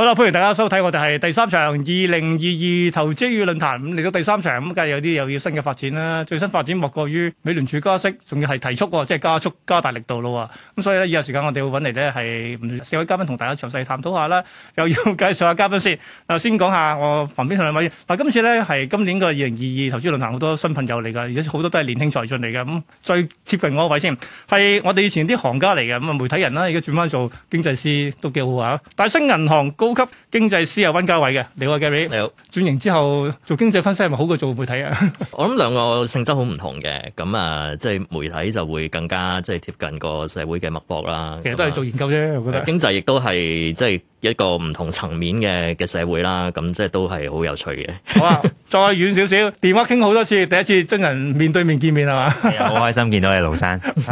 好啦，歡迎大家收睇我哋係第三場二零二二投資月論壇。咁嚟到第三場咁，梗係有啲又要新嘅發展啦。最新發展莫過於美聯儲加息，仲要係提速喎，即係加速加大力度咯喎。咁所以呢，以後時間我哋會揾嚟呢係四位嘉賓同大家詳細探討下啦。又要介紹下嘉賓先。嗱，先講下我旁邊兩位。嗱，今次呢係今年嘅二零二二投資月論壇好多新朋友嚟㗎，而且好多都係年輕才俊嚟㗎。咁最接近我個位先係我哋以前啲行家嚟嘅。咁啊媒體人啦，而家轉翻做經濟師都幾好啊。大新銀行高級經濟師啊，溫家偉嘅，你話嘅，你好，轉型之後做經濟分析係咪好過做媒體啊？我諗兩個性質好唔同嘅，咁啊，即係媒體就會更加即係貼近個社會嘅脈搏，啦。其實都係做研究啫，我覺得經濟亦都係即係一個唔同層面嘅嘅社會啦。咁即係都係好有趣嘅。好啊，再遠少少， 電話傾好多次，第一次真人面對面見面係嘛？好、哎、開心見到你，龍荃。 其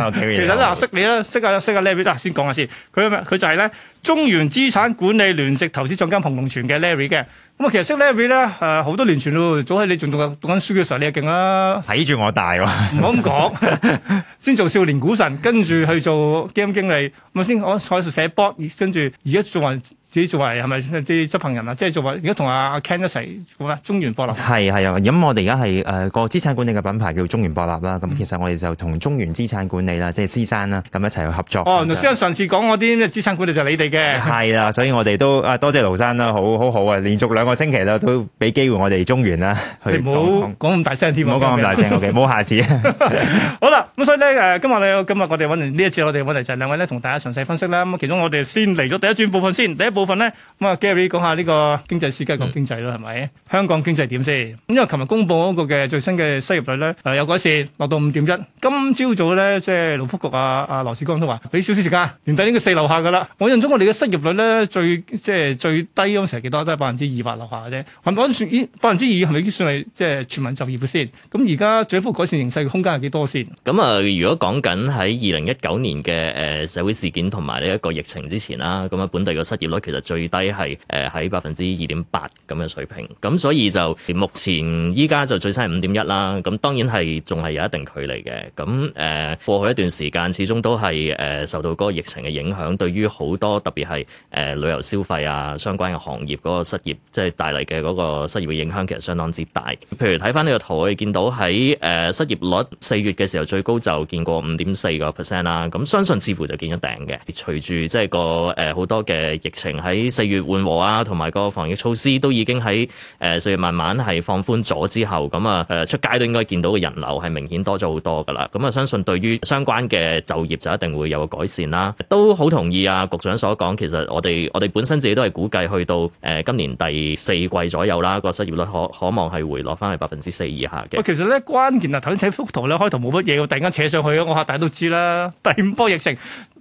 實啊，識你啦，識、識下、識下，靚得先講下先。佢佢就係咧。中原資產管理聯席投資總監洪龍荃嘅 Larry 嘅，咁啊其實識 Larry 咧，誒好多年前咯，早喺你仲讀讀緊書嘅時候你，你一勁啦，睇住我大喎，哦，唔好咁講，先做少年股神，跟住去做基金經理，咁啊先我喺度寫 blog，跟住而家做埋。你做為係咪啲執行人啊？即係做為而家同阿阿 Ken 一齊咩？中原博立係係啊！咁我哋而家係誒個資產管理嘅品牌叫中原博立啦。咁、嗯、其實我哋就同中原資產管理啦，即係私山啦，咁一齊去合作。哦，盧生、就是、上次講我啲咩資產管理就係你哋嘅。係啦，所以我哋都啊多謝盧生啦，好好好啊！連續兩個星期啦，都俾機會我哋中原啦去。你唔好講咁大聲添，唔好講咁大聲，OK，冇 下次。 好啦，咁所以咧誒，今日咧，今日我哋揾嚟呢一次，我哋揾嚟就係兩位咧，同大家詳細分析啦。咁其中我哋先嚟咗第一段部分先，第一部份咧咁啊，Gary 講下呢個經濟司級講經濟啦，經濟師梗係講經濟，係咪、嗯？香港經濟點先？咁因為琴日公布嗰個嘅最新嘅失業率咧，有改善，落到五點一。今朝早咧，即係勞福局啊啊羅致光都話，俾少少時間，年底應該四樓下噶啦。我印咗我哋嘅失業率咧，最即係最低嗰時係幾多？都係百分之二百樓下嘅啫。係咪算？百分之二係咪已經算係即係全民就業嘅先？咁而家進一步改善形勢嘅空間係幾多先？咁啊，如果講緊喺二零一九年嘅誒、呃、社會事件同埋呢一個疫情之前啦，咁啊本地嘅失業率其實。最低係誒喺百分之二點八咁嘅水平，咁所以就目前依家就最新係五點一啦。咁當然係仲係有一定距離嘅。咁誒過去一段時間，始終都係誒受到嗰個疫情嘅影響，對於好多特別係誒旅遊消費啊相關嘅行業嗰個失業，即係帶嚟嘅嗰個失業嘅影響，其實相當之大。譬如睇翻呢個圖，我見到喺誒失業率四月嘅時候最高就見過五點四個 percent 啦。咁相信似乎就見咗頂嘅。隨住即係個誒好多嘅疫情。喺四月緩和啊，同埋個防疫措施都已經喺誒四月慢慢係放寬咗之後，咁啊誒出街都應該見到嘅人流係明顯多咗好多噶啦。咁啊，相信對於相關嘅就業就一定會有個改善啦。都好同意啊，局長所講，其實我哋我哋本身自己都係估計去到誒、呃、今年第四季左右啦，個失業率可可望係回落翻去百分之四以下嘅。其實咧關鍵啊，頭先睇幅圖咧開頭冇乜嘢，我突然間扯上去啊，我客大家都知啦，第五波疫情，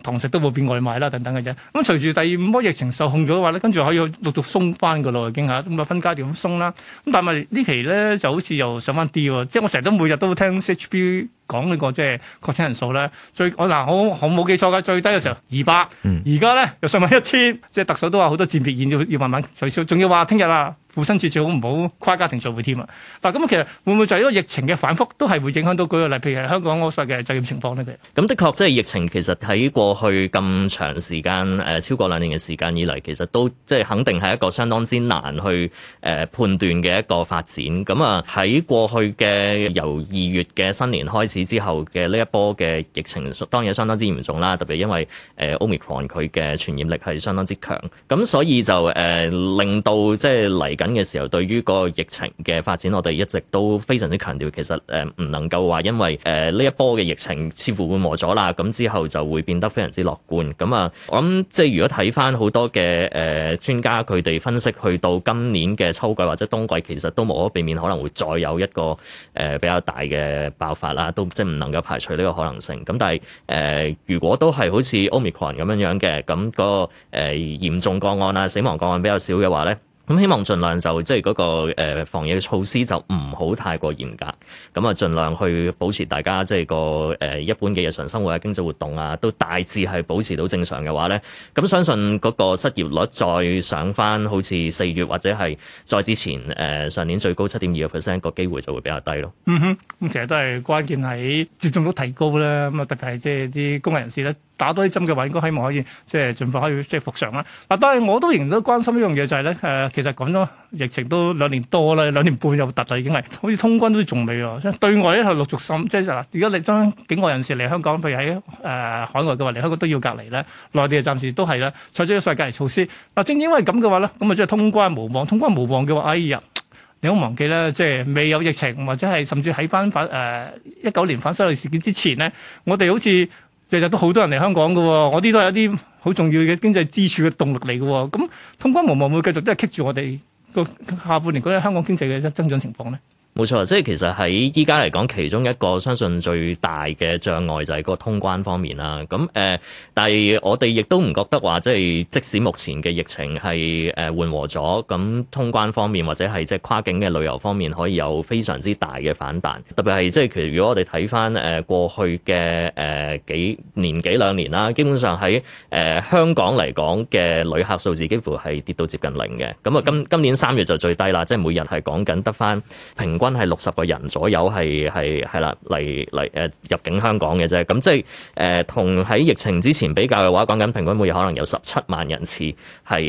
堂食都會變外賣啦，等等嘅啫。咁隨住第五波疫情受控咗嘅話咧，跟住可以陸續鬆翻個喇。已經吓，咁啊分階段鬆啦。咁但係呢期咧就好似又上翻啲喎，即係我成日都每日都聽 CHB 講呢個即係確診人數咧，最我嗱我我冇記錯嘅最低嘅時候二百，而家咧又上翻一千，即係特首都話好多戰別現要要慢慢取消，仲要話聽日啦父親節照好唔好跨家庭聚會添啊？嗱，咁其實會唔會就係因疫情嘅反覆，都係會影響到舉個例，譬如係香港嗰個嘅就業情況咧？咁的確，即係疫情其實喺過去咁長時間，誒超過兩年嘅時間以嚟，其實都即係肯定係一個相當之難去誒判斷嘅一個發展。咁啊，喺過去嘅由二月嘅新年開始之後嘅呢一波嘅疫情，當然相當之嚴重啦。特別因為 Omicron，佢嘅傳染力係相當之強，咁所以就誒令到即係嚟緊。嘅時候，對於個疫情嘅發展，我哋一直都非常之強調。其實誒，唔、呃、能夠話因為誒呢、呃、一波嘅疫情似乎緩和咗啦，咁之後就會變得非常之樂觀咁啊。咁我諗即係如果睇翻好多嘅誒專家佢哋分析，去到今年嘅秋季或者冬季，其實都無可避免可能會再有一個誒、呃、比較大嘅爆發啦，都即係唔能夠排除呢個可能性。咁但係誒、呃，如果都係好似 Omicron 咁樣樣嘅咁個誒嚴、呃、重個案啊，死亡個案比較少嘅話咧？咁希望盡量就即係嗰個防疫嘅措施就唔好太過嚴格，咁啊儘量去保持大家即係、就是、個誒一般嘅日常生活啊、經濟活動啊都大致係保持到正常嘅話咧，咁相信嗰個失業率再上返好似四月或者係再之前誒上年最高七點二個 percent 個機會就會比較低咯。嗯哼，咁其實都係關鍵喺接種率提高啦，咁啊特別係即係啲工人士呢。咧。打多啲針嘅話，應該希望可以即係儘快可以即係、就是、復常啦。嗱、啊，但係我都仍然都關心一樣嘢就係、是、咧，誒、呃，其實講咗疫情都兩年多啦，兩年半又突就已經係好似通關都仲未喎。對外咧係陸續滲，即係嗱，而家你當境外人士嚟香港，譬如喺誒、呃、海外嘅話，嚟香港都要隔離咧。內地暫時都係啦，採取一啲隔離措施。嗱，正因為咁嘅話咧，咁啊即係通關無望，通關無望嘅話，哎呀，你唔好忘記啦，即係未有疫情或者係甚至喺翻反誒一九年反修例事件之前咧，我哋好似。日日都好多人嚟香港喎，我啲都係一啲好重要嘅經濟支柱嘅動力嚟嘅，咁通關無望會繼續都係棘住我哋個下半年嗰啲香港經濟嘅增長情況咧。冇錯，即係其實喺依家嚟講，其中一個相信最大嘅障礙就係嗰個通關方面啦。咁誒，但係我哋亦都唔覺得話，即係即使目前嘅疫情係誒緩和咗，咁通關方面或者係即係跨境嘅旅遊方面可以有非常之大嘅反彈。特別係即係，如果我哋睇返誒過去嘅誒幾年幾兩年啦，基本上喺誒香港嚟講嘅旅客數字幾乎係跌到接近零嘅。咁啊，今今年三月就最低啦，即係每日係講緊得返平均。均係六十個人左右，係係係啦嚟嚟誒入境香港嘅啫。咁即係誒同喺疫情之前比較嘅話，講緊平均每日可能有十七萬人次，係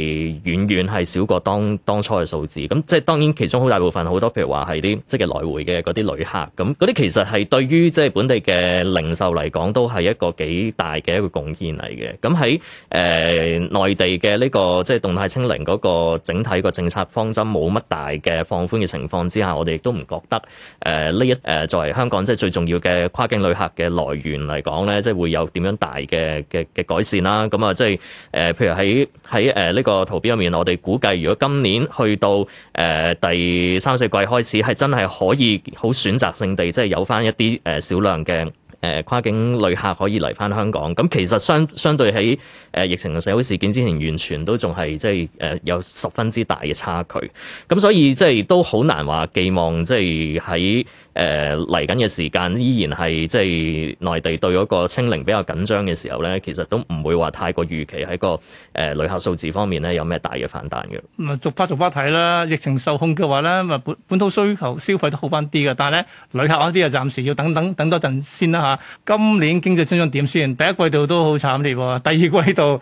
遠遠係少過當當初嘅數字。咁即係當然其中好大部分好多，譬如話係啲即係來回嘅嗰啲旅客。咁嗰啲其實係對於即係本地嘅零售嚟講，都係一個幾大嘅一個貢獻嚟嘅。咁喺誒內地嘅呢個即係動態清零嗰個整體個政策方針冇乜大嘅放寬嘅情況之下，我哋亦都唔。覺得誒呢一誒作為香港即係最重要嘅跨境旅客嘅來源嚟講咧，即係會有點樣大嘅嘅嘅改善啦。咁啊，即係誒，譬如喺喺誒呢個圖表入面，我哋估計如果今年去到誒第三四季開始，係真係可以好選擇性地即係有返一啲誒少量嘅。誒、呃、跨境旅客可以嚟返香港，咁其實相相對喺誒、呃、疫情同社會事件之前，完全都仲係即係誒有十分之大嘅差距，咁所以即係都好難話寄望即係喺。誒嚟緊嘅時間依然係即係內地對嗰個清零比較緊張嘅時候咧，其實都唔會話太過預期喺個誒、呃、旅客數字方面咧有咩大嘅反彈嘅。咪逐步逐步睇啦，疫情受控嘅話咧，本本土需求消費都好翻啲嘅。但係咧旅客嗰啲啊，暫時要等等等多陣先啦、啊、今年經濟增長點先？第一季度都好慘啲、啊，第二季度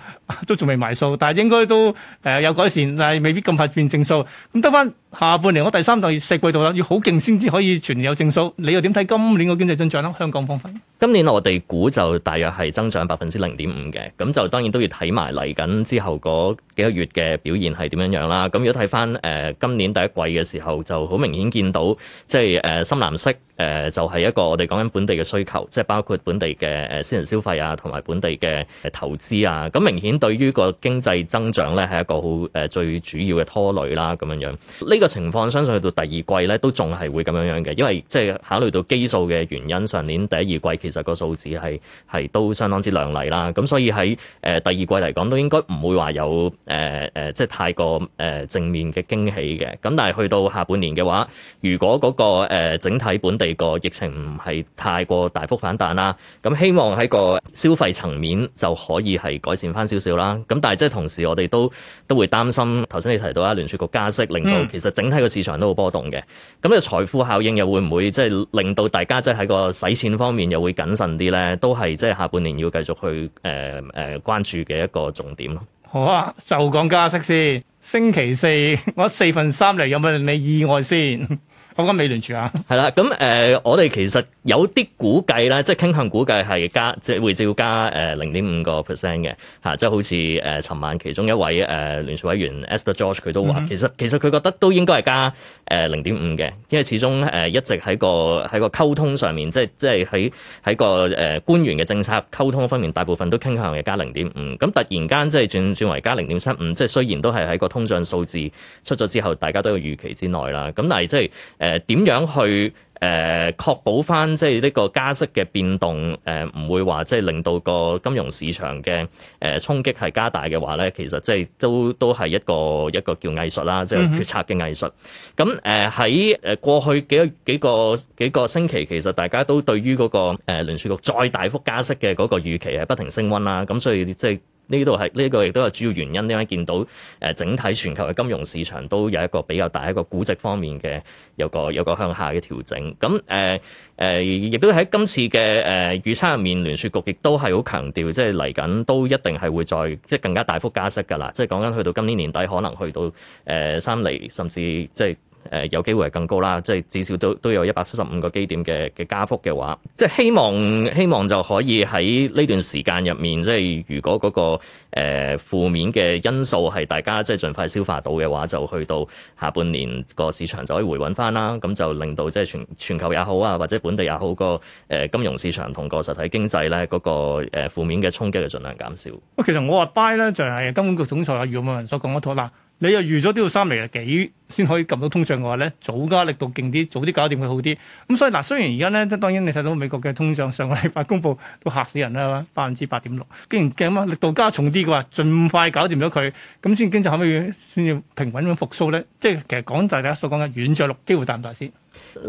都仲未埋數，但係應該都誒、呃、有改善，但係未必咁快變正數。咁得翻下半年我第三第四季度啦，要好勁先至可以全年有正你又點睇今年個經濟增長啦？香港方面，今年我哋估就大約係增長百分之零點五嘅，咁就當然都要睇埋嚟緊之後個。幾個月嘅表現係點樣樣啦？咁如果睇翻誒今年第一季嘅時候，就好明顯見到，即係誒深藍色誒、呃、就係、是、一個我哋講緊本地嘅需求，即、就、係、是、包括本地嘅誒私人消費啊，同埋本地嘅投資啊。咁明顯對於個經濟增長咧，係一個好、呃、最主要嘅拖累啦、啊，咁樣樣呢、這個情況相信去到第二季咧，都仲係會咁樣樣嘅，因為即係考慮到基數嘅原因，上年第二季其實個數字係係都相當之亮麗啦。咁所以喺、呃、第二季嚟講，都應該唔會話有。誒、呃、誒、呃，即係太過誒、呃、正面嘅驚喜嘅。咁但係去到下半年嘅話，如果嗰、那個、呃、整體本地個疫情唔係太過大幅反彈啦，咁希望喺個消費層面就可以係改善翻少少啦。咁但係即係同時我，我哋都都會擔心頭先你提到啊，聯儲局加息，令到其實整體個市場都好波動嘅。咁咧財富效應又會唔會即係令到大家即係喺個使錢方面又會謹慎啲咧？都係即係下半年要繼續去誒誒、呃呃、關注嘅一個重點咯。好啊，就講加息先。星期四我四分三嚟，有冇令你意外先？我講緊美聯儲啊，係啦，咁誒、呃，我哋其實有啲估計咧，即係傾向估計係加，即係會照加誒零點五個 percent 嘅，即係好似誒，尋晚其中一位誒、呃、聯儲委員 Esther George 佢都話、嗯，其實其實佢覺得都應該係加誒零點五嘅，因為始終誒一直喺個喺個溝通上面，即係即係喺喺個官員嘅政策溝通方面，大部分都傾向係加零點五，咁突然間即係轉轉為加零點七五，即係雖然都係喺個通脹數字出咗之後，大家都有預期之內啦，咁但係即係。誒點樣去誒確保返即係呢個加息嘅變動誒唔會話即係令到個金融市場嘅誒衝擊係加大嘅話咧，其實即係都都係一個一個叫藝術啦，即係決策嘅藝術。咁誒喺誒過去幾幾個幾個星期，其實大家都對於嗰個誒聯儲局再大幅加息嘅嗰個預期係不停升溫啦。咁所以即係。呢度係呢個亦都係主要原因，因為見到誒整體全球嘅金融市場都有一個比較大一個估值方面嘅有個有個向下嘅調整。咁誒誒，亦都喺今次嘅誒預測入面，聯儲局亦都係好強調，即係嚟緊都一定係會再即係更加大幅加息㗎啦。即係講緊去到今年年底，可能去到誒、呃、三釐，甚至即係。誒、呃、有機會係更高啦，即係至少都都有一百七十五個基點嘅嘅加幅嘅話，即係希望希望就可以喺呢段時間入面，即係如果嗰、那個誒、呃、負面嘅因素係大家即係盡快消化到嘅話，就去到下半年個市場就可以回穩返啦。咁就令到即係全全球也好啊，或者本地也好個誒、呃、金融市場同個實體經濟咧嗰個誒、呃、負面嘅衝擊就儘量減少。其實我話 buy 咧就係金管局總裁阿余偉文所講嗰套啦。你又預咗都要三釐幾先可以撳到通脹嘅話咧，早加力度勁啲，早啲搞掂佢好啲。咁所以嗱，雖然而家咧，即係當然你睇到美國嘅通脹上個禮拜公布都嚇死人啦，百分之八點六。既然咁啊，力度加重啲嘅話，盡快搞掂咗佢，咁先經濟可唔可以先要平穩咁復甦咧。即係其實講大家所講嘅軟着陸機會大唔大先？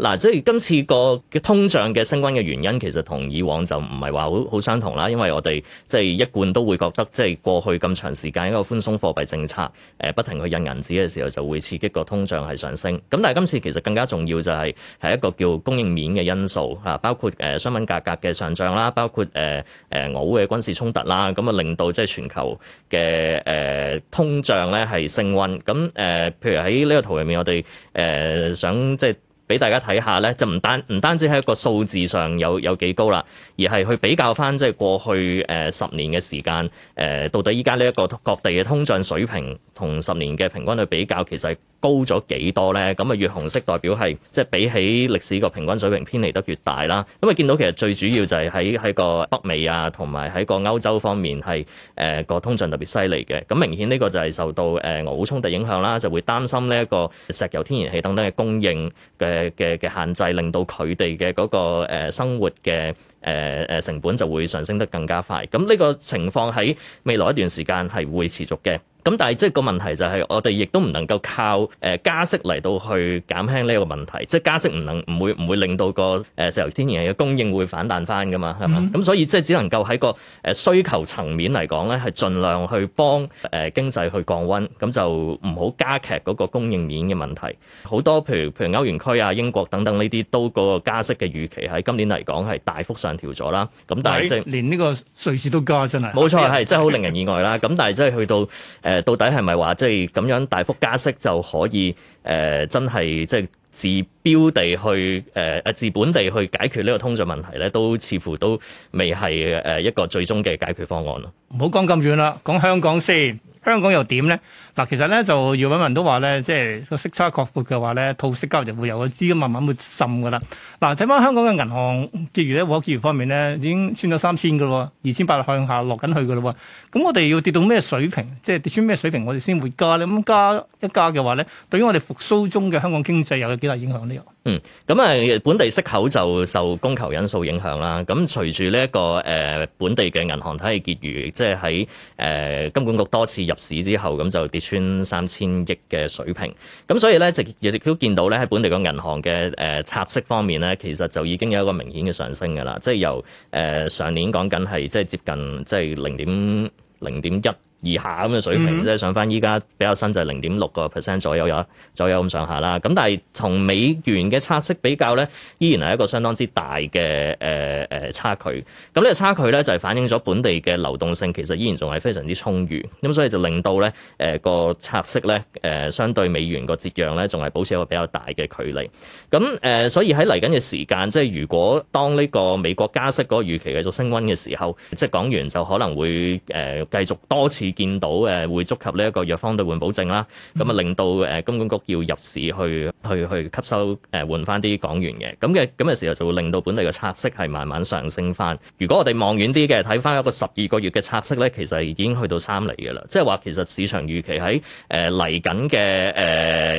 嗱，即係今次個嘅通脹嘅升溫嘅原因，其實同以往就唔係話好好相同啦。因為我哋即係一貫都會覺得，即係過去咁長時間一個寬鬆貨幣政策，誒不停去印銀紙嘅時候，就會刺激個通脹係上升。咁但係今次其實更加重要就係係一個叫供應面嘅因素啊，包括誒商品價格嘅上漲啦，包括誒誒俄烏嘅軍事衝突啦，咁啊令到即係全球嘅誒通脹咧係升溫。咁誒，譬如喺呢個圖入面，我哋誒想即係。俾大家睇下咧，就唔單唔單止喺一個數字上有有幾高啦，而係去比較翻即係過去誒、呃、十年嘅時間誒、呃，到底依家呢一個各地嘅通脹水平同十年嘅平均去比較，其實。高咗幾多咧？咁啊，越紅色代表係即係比起歷史個平均水平偏離得越大啦。咁啊，見到其實最主要就係喺喺個北美啊，同埋喺個歐洲方面係誒個通脹特別犀利嘅。咁明顯呢個就係受到誒俄烏衝突影響啦，就會擔心呢一個石油、天然氣等等嘅供應嘅嘅嘅限制，令到佢哋嘅嗰個、呃、生活嘅誒、呃、成本就會上升得更加快。咁呢個情況喺未來一段時間係會持續嘅。咁但係即係個問題就係，我哋亦都唔能夠靠誒加息嚟到去減輕呢個問題，即係加息唔能唔會唔會令到個誒石油天然嘅供應會反彈翻噶嘛，係嘛？咁、嗯、所以即係只能夠喺個誒需求層面嚟講咧，係盡量去幫誒經濟去降溫，咁就唔好加劇嗰個供應面嘅問題。好多譬如譬如歐元區啊、英國等等呢啲，都個加息嘅預期喺今年嚟講係大幅上調咗啦。咁但係即、即係、連呢個瑞士都加出嚟，冇錯係真係好令人意外啦。咁 但係即係去到、呃到底係咪話即係咁樣大幅加息就可以誒、呃，真係即係自標地去誒誒、呃、自本地去解決呢個通脹問題咧，都似乎都未係誒一個最終嘅解決方案咯。唔好講咁遠啦，講香港先，香港又點咧？嗱，其實咧就姚敏文都話咧，即係個息差擴闊嘅話咧，套息交易就會有個資金慢慢會滲㗎啦。嗱，睇翻香港嘅銀行結餘咧，活結餘方面咧，已經穿咗三千嘅喎，二千八向下落緊去㗎咯喎。咁我哋要跌到咩水平？即係跌穿咩水平，我哋先會加咧。咁加一加嘅話咧，對於我哋復蘇中嘅香港經濟又有幾大影響呢？個嗯，咁啊本地息口就受供求因素影響啦。咁隨住呢一個誒、呃、本地嘅銀行體系結餘，即係喺誒金管局多次入市之後，咁就跌穿三千億嘅水平，咁所以咧，直亦亦都見到咧喺本地個銀行嘅誒拆息方面咧，其實就已經有一個明顯嘅上升嘅啦，即係由誒、呃、上年講緊，係即係接近即係零點零點一。以、嗯、下咁嘅水平，即係上翻依家比較新就係零點六個 percent 左右，有左右咁上下啦。咁但係同美元嘅拆息比較咧，依然係一個相當之大嘅誒誒差距。咁呢個差距咧就係、是、反映咗本地嘅流動性其實依然仲係非常之充裕。咁所以就令到咧誒、呃那個拆息咧誒、呃、相對美元個折讓咧，仲係保持一個比較大嘅距離。咁誒、呃、所以喺嚟緊嘅時間，即係如果當呢個美國加息嗰個預期繼續升温嘅時候，即係港元就可能會誒繼、呃、續多次。見到誒會觸及呢一個弱方兌換保證啦，咁啊，令到誒金管局要入市去去去吸收誒換翻啲港元嘅，咁嘅咁嘅時候就會令到本地嘅拆息係慢慢上升翻。如果我哋望遠啲嘅睇翻一個十二個月嘅拆息咧，其實已經去到三厘嘅啦。即係話其實市場預期喺誒嚟緊嘅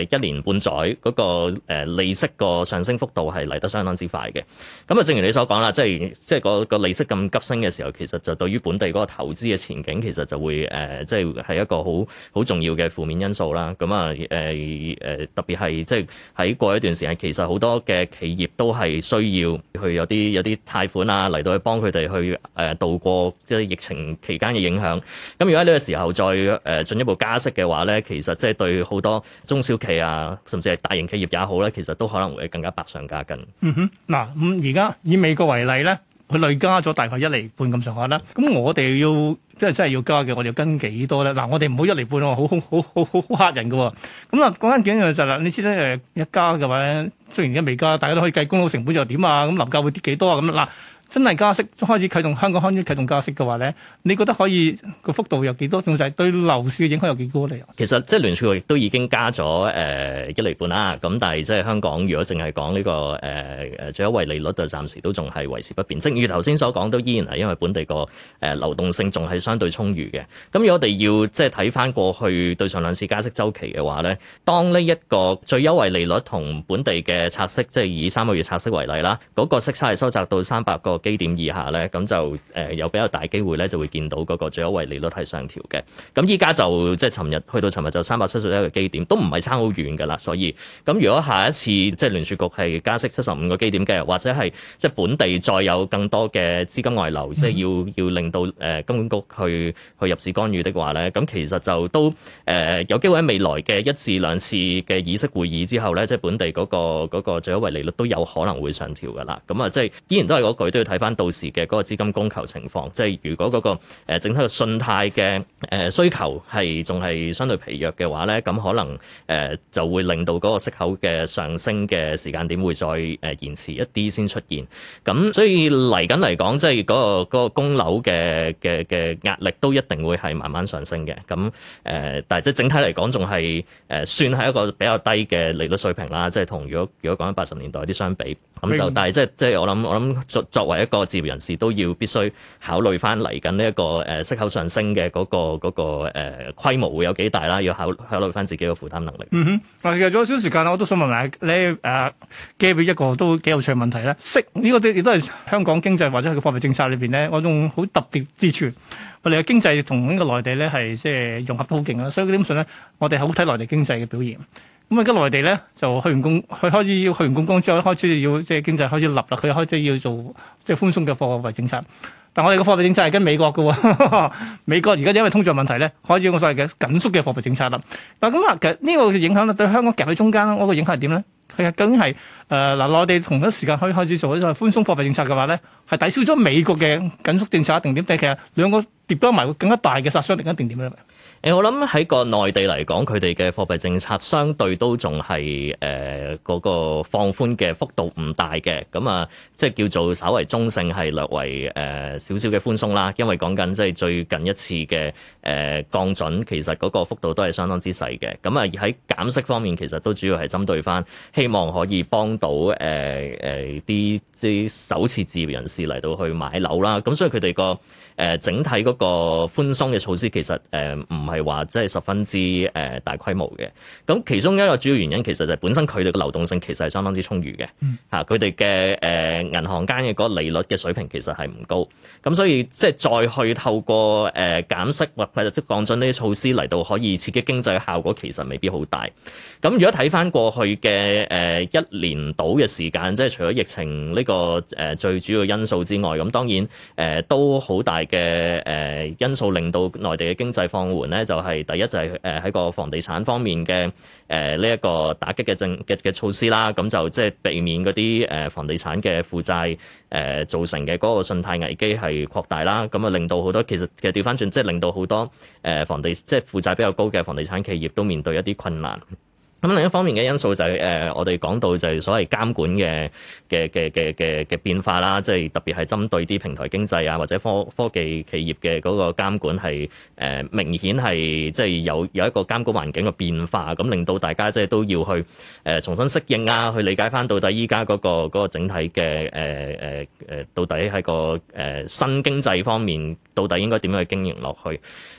誒一年半載嗰個誒利息個上升幅度係嚟得相當之快嘅。咁啊，正如你所講啦，即係即係個個利息咁急升嘅時候，其實就對於本地嗰個投資嘅前景其實就會。誒、呃，即係係一個好好重要嘅負面因素啦。咁啊，誒、呃、誒，特別係即係喺過一段時間，其實好多嘅企業都係需要去有啲有啲貸款啊，嚟到去幫佢哋去誒渡、呃、過即係疫情期間嘅影響。咁、啊、如果呢個時候再誒進、呃、一步加息嘅話咧，其實即係對好多中小企啊，甚至係大型企業也好咧，其實都可能會更加百上加斤。嗯哼，嗱，咁而家以美國為例咧。佢累加咗大概一厘半咁上下啦，咁我哋要即係真係要加嘅，我哋要跟幾多咧？嗱，我哋唔好一厘半喎，好好好好好嚇人嘅喎、哦。咁啊，講緊點就係、是、啦，你知啦，誒一加嘅話咧，雖然而家未加，大家都可以計供樓成本又點啊？咁樓價會跌幾多啊？咁嗱。真係加息，開始啟動香港開始啟動加息嘅話咧，你覺得可以個幅度有幾多？仲就係對樓市嘅影響有幾高啲？其實即係聯儲亦都已經加咗誒、呃、一厘半啦。咁但係即係香港如果淨係講呢個誒、呃、最優惠利率，就暫時都仲係維持不變。正如頭先所講，都依然係因為本地個誒、呃、流動性仲係相對充裕嘅。咁如果我哋要即係睇翻過去對上兩次加息周期嘅話咧，當呢一個最優惠利率同本地嘅拆息，即、就、係、是、以三個月拆息為例啦，嗰、那個息差係收窄到三百個基點以下咧，咁就有比較大機會咧，就會見到嗰個最優惠利率係上調嘅。咁依家就即係尋日去到尋日就三百七十一個基點，都唔係差好遠㗎啦。所以咁如果下一次即係聯儲局係加息七十五個基點嘅，或者係即係本地再有更多嘅資金外流，即係要要令到誒金管局去去入市干預的話咧，咁其實就都、呃、有機會喺未來嘅一至兩次嘅議息會議之後咧，即係本地嗰個、嗰個最優惠利率都有可能會上調㗎啦。咁啊，即係依然都係嗰句都。睇翻到時嘅嗰個資金供求情況，即係如果嗰個誒整體嘅信貸嘅誒需求係仲係相對疲弱嘅話咧，咁可能誒就會令到嗰個息口嘅上升嘅時間點會再誒延遲一啲先出現，咁所以嚟緊嚟講，即係嗰個嗰個供樓嘅嘅嘅壓力都一定會係慢慢上升嘅。咁誒但係即係整體嚟講仲係誒算係一個比較低嘅利率水平啦。即係同如果如果講緊八十年代啲相比，咁就但係即係即係我諗我諗作作為。一個置業人士都要必須考慮翻嚟緊呢一個誒息口上升嘅嗰、那個、那個呃、規個誒規模會有幾大啦，要考慮考慮翻自己嘅負擔能力。嗯哼，嗱，其實仲有少少時間啦，我都想問下你誒、啊，Gabby 一個都幾有趣嘅問題咧，息、這、呢個亦都係香港經濟或者係個貨幣政策裏邊咧，一種好特別之處。我哋嘅經濟同呢個內地咧係即係融合得好勁啦，所以基本上咧，我哋好睇內地經濟嘅表現。咁而家內地咧就去完公，佢開始要去完公光之後咧，開始要即係經濟開始立啦。佢開始要做即係寬鬆嘅貨幣政策。但我哋嘅貨幣政策係跟美國㗎喎。美國而家因為通脹問題咧，開始用我所謂嘅緊縮嘅貨幣政策啦。嗱咁啊，其實呢個影響咧對香港夾喺中間咯。嗰個影響係點咧？佢係究竟係誒嗱內地同一時間可以開始做咗個寬鬆貨幣政策嘅話咧，係抵消咗美國嘅緊縮政策定點，但其實兩個跌多埋會更加大嘅殺傷力一定點？我諗喺個內地嚟講，佢哋嘅貨幣政策相對都仲係誒嗰個放寬嘅幅度唔大嘅。咁啊即係叫做稍為中性，係略為誒少少嘅寬鬆啦。因為講緊即係最近一次嘅誒、呃、降準，其實嗰個幅度都係相當之細嘅。咁啊而喺減息方面，其實都主要係針對翻，希望可以幫到誒誒啲即係首次置業人士嚟到去買樓啦。咁所以佢哋個。誒整體嗰個寬鬆嘅措施其實誒唔係話即係十分之誒大規模嘅，咁其中一個主要原因其實就係本身佢哋嘅流動性其實係相當之充裕嘅，嚇佢哋嘅誒銀行間嘅嗰利率嘅水平其實係唔高，咁所以即係再去透過誒減息或者即係降準呢啲措施嚟到可以刺激經濟嘅效果其實未必好大。咁如果睇翻過去嘅誒一年度嘅時間，即係除咗疫情呢個誒最主要因素之外，咁當然誒都好大。嘅因素令到內地嘅經濟放緩咧，就係、是、第一就係誒喺個房地產方面嘅呢一個打擊嘅政嘅嘅措施啦，咁就即係避免嗰啲房地產嘅負債造成嘅嗰個信貸危機係擴大啦，咁啊令到好多其實嘅掉返轉，即係、就是、令到好多房地即係、就是、負債比較高嘅房地產企業都面對一啲困難。咁另一方面嘅因素就係誒，我哋講到就係所謂監管嘅嘅嘅嘅嘅嘅變化啦，即係特別係針對啲平台經濟啊，或者科科技企業嘅嗰個監管係誒明顯係即係有有一個監管環境嘅變化，咁令到大家即係都要去誒重新適應啊，去理解翻到底依家嗰個嗰個整體嘅誒誒誒，到底喺個誒新經濟方面。到底應該點樣去經營落去？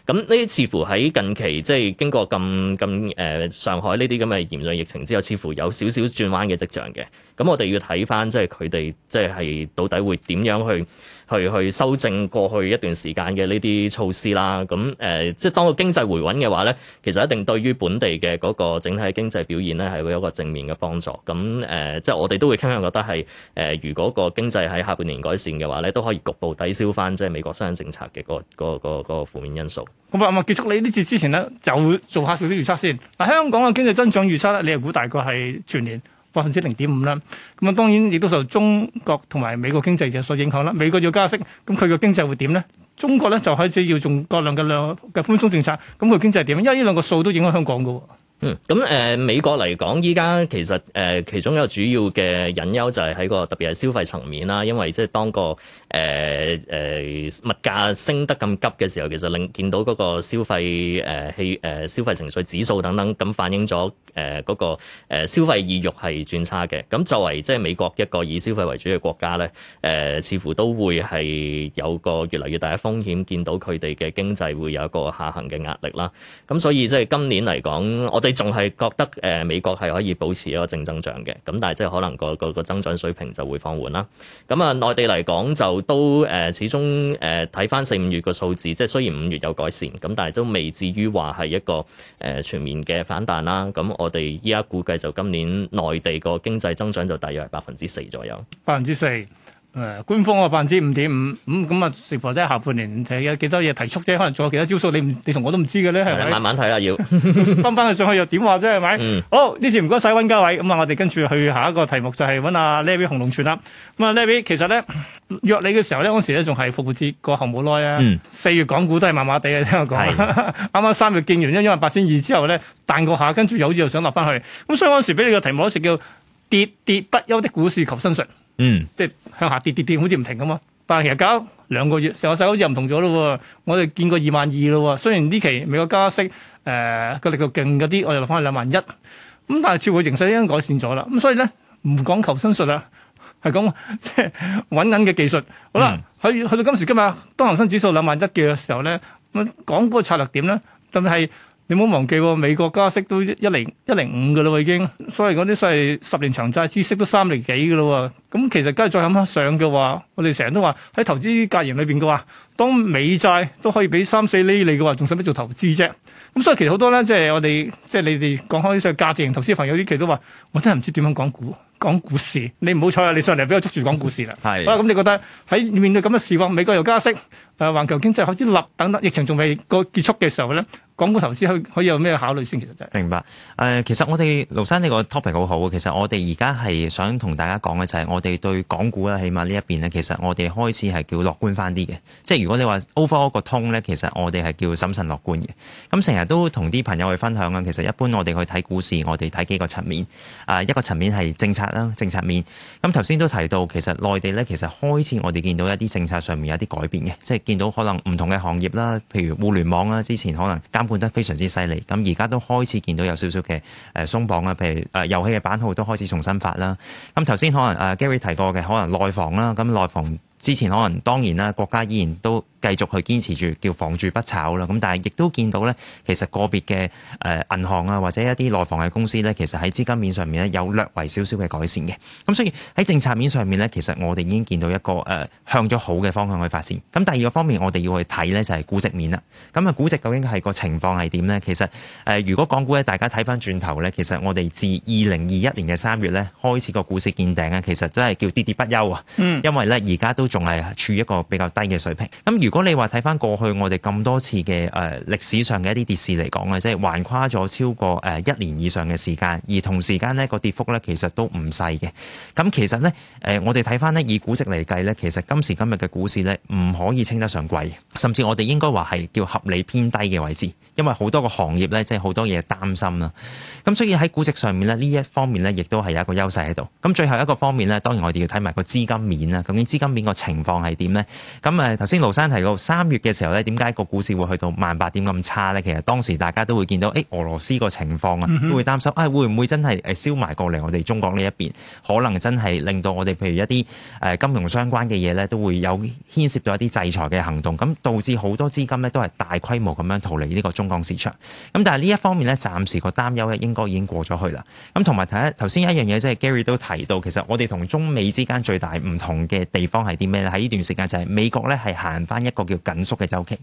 咁呢啲似乎喺近期即係、就是、經過咁咁、呃、上海呢啲咁嘅嚴重疫情之後，似乎有少少轉彎嘅跡象嘅。咁我哋要睇返即係佢哋即係係到底會點樣去，去去修正過去一段時間嘅呢啲措施啦，咁誒、呃，即係當個經濟回穩嘅話咧，其實一定對於本地嘅嗰個整體經濟表現咧，係會有一個正面嘅幫助。咁誒、呃，即係我哋都會傾向覺得係誒、呃，如果個經濟喺下半年改善嘅話咧，都可以局部抵消翻即係美國新政策嘅嗰個嗰個嗰個嗰個負面因素。好吧，阿麥結束你呢節之前咧，就做下少少預測先。嗱，香港嘅經濟增長預測咧，你係估大概係全年，百分之零點五啦，咁啊當然亦都受中國同埋美國經濟嘅所影響啦。美國要加息，咁佢個經濟會點咧？中國咧就開始要做各量嘅量嘅寬鬆政策，咁佢經濟點？因為呢兩個數都影響香港噶。嗯，咁誒美國嚟講，依家其實誒、呃、其中一個主要嘅隱憂就係喺個特別係消費層面啦，因為即係當個誒誒、呃、物價升得咁急嘅時候，其實令見到嗰個消費誒氣誒消費情緒指數等等，咁反映咗。誒、那、嗰個消費意欲係轉差嘅，咁作為即係美國一個以消費為主嘅國家咧，誒、呃、似乎都會係有個越嚟越大嘅風險，見到佢哋嘅經濟會有一個下行嘅壓力啦。咁所以即係今年嚟講，我哋仲係覺得誒美國係可以保持一個正增長嘅，咁但係即係可能個個增長水平就會放緩啦。咁啊，內地嚟講就都誒，始終誒睇翻四五月個數字，即係雖然五月有改善，咁但係都未至於話，係一個誒全面嘅反彈啦。咁我。我哋依家估計就今年內地個經濟增長就大約係百分之四左右。百分之四。誒官方啊、嗯，百分之五點五，咁咁啊，食貨真下半年睇有幾多嘢提速啫，可能仲有其他招數，你你同我都唔知嘅咧，係咪？慢慢睇啦、啊，要翻返去上去又點話啫，係咪？好、嗯、呢、oh, 次唔該晒溫嘉煒，咁啊，我哋跟住去下一個題目就係揾阿 Levi 洪龍荃啦。咁啊，Levi 其實咧約你嘅時候咧，嗰時咧仲係復活節過後冇耐啊，四、嗯、月港股都係麻麻地嘅聽我講。啱啱三月見完因因為八千二之後咧彈過下，跟住有啲又想落翻去，咁所以嗰時俾你嘅題目好似叫跌跌不休的股市求生術。嗯，即係向下跌跌跌，好似唔停咁嘛，但係其實交兩個月，成個市好似唔同咗咯。我哋見過二萬二咯，雖然呢期美國加息，誒、呃、個力度勁嗰啲，我哋落翻去兩萬一。咁但係似乎形勢已經改善咗啦。咁所以咧，唔講求新術啦，係咁，即係穩銀嘅技術。好啦，嗯、去去到今時今日，當頭新指數兩萬一嘅時候咧，咁港個策略點咧？特係。你唔好忘記喎、哦，美國加息都一零一零五嘅咯喎已經，所以嗰啲所謂十年長債孳息都三釐幾嘅咯喎，咁其實梗係再諗下上嘅話，我哋成日都話喺投資格言型裏邊嘅話，當美債都可以俾三四厘你嘅話，仲使乜做投資啫？咁所以其實好多咧，即係我哋即係你哋講開呢嘅價值型投資朋友啲，其實都話我真係唔知點樣講股講股市。你唔好彩啊，你上嚟俾我捉住講故事啦。係啊，咁你覺得喺面對咁嘅事況，美國又加息？誒，環球經濟開始立等等，疫情仲未個結束嘅時候咧，港股投資可以有咩考慮先？其實就明白誒、呃，其實我哋盧生呢個 topic 好好，其實我哋而家係想同大家講嘅就係我哋對港股呢，起碼呢一邊咧，其實我哋開始係叫樂觀翻啲嘅。即係如果你話 over 嗰個通咧，其實我哋係叫審慎樂觀嘅。咁成日都同啲朋友去分享啊。其實一般我哋去睇股市，我哋睇幾個層面。誒、呃，一個層面係政策啦，政策面。咁頭先都提到，其實內地咧，其實開始我哋見到一啲政策上面有啲改變嘅，即係見到可能唔同嘅行業啦，譬如互聯網啦，之前可能監管得非常之犀利，咁而家都開始見到有少少嘅誒鬆綁啊，譬如誒遊戲嘅版號都開始重新發啦。咁頭先可能誒 Gary 提過嘅，可能內房啦，咁內房之前可能當然啦，國家依然都繼續去堅持住叫房住不炒啦，咁但係亦都見到呢，其實個別嘅誒銀行啊，或者一啲內房嘅公司呢，其實喺資金面上面呢，有略為少少嘅改善嘅。咁所以喺政策面上面呢，其實我哋已經見到一個誒、呃、向咗好嘅方向去發展。咁第二個方面，我哋要去睇呢，就係估值面啦。咁啊，估值究竟係個情況係點呢？其實誒、呃，如果講股咧，大家睇返轉頭呢，其實我哋自二零二一年嘅三月呢開始個股市見頂呢，其實真係叫跌跌不休啊、嗯。因為呢，而家都仲係處於一個比較低嘅水平。咁如果你話睇翻過去，我哋咁多次嘅誒歷史上嘅一啲跌市嚟講，即係橫跨咗超過、呃、一年以上嘅時間，而同時間呢個跌幅咧其實都唔細嘅。咁其實咧、呃、我哋睇翻呢以估值嚟計咧，其實今時今日嘅股市咧唔可以稱得上貴，甚至我哋應該話係叫合理偏低嘅位置，因為好多個行業咧即係好多嘢擔心啦。咁所以喺估值上呢面呢，呢一方面咧，亦都係有一個優勢喺度。咁最後一個方面咧，當然我哋要睇埋個資金面啦。究竟資金面個情況係點咧？咁誒頭先盧生三月嘅時候咧，點解個股市會去到萬八點咁差呢？其實當時大家都會見到，誒、哎，俄羅斯個情況啊，都會擔心啊、哎，會唔會真係誒燒埋過嚟我哋中國呢一邊？可能真係令到我哋譬如一啲誒金融相關嘅嘢呢，都會有牽涉到一啲制裁嘅行動，咁導致好多資金呢都係大規模咁樣逃離呢個中港市場。咁但係呢一方面呢，暫時個擔憂咧應該已經過咗去啦。咁同埋睇頭先一樣嘢，即係 Gary 都提到，其實我哋同中美之間最大唔同嘅地方係啲咩呢？喺呢段時間就係美國呢係行返，一個叫緊縮嘅周期，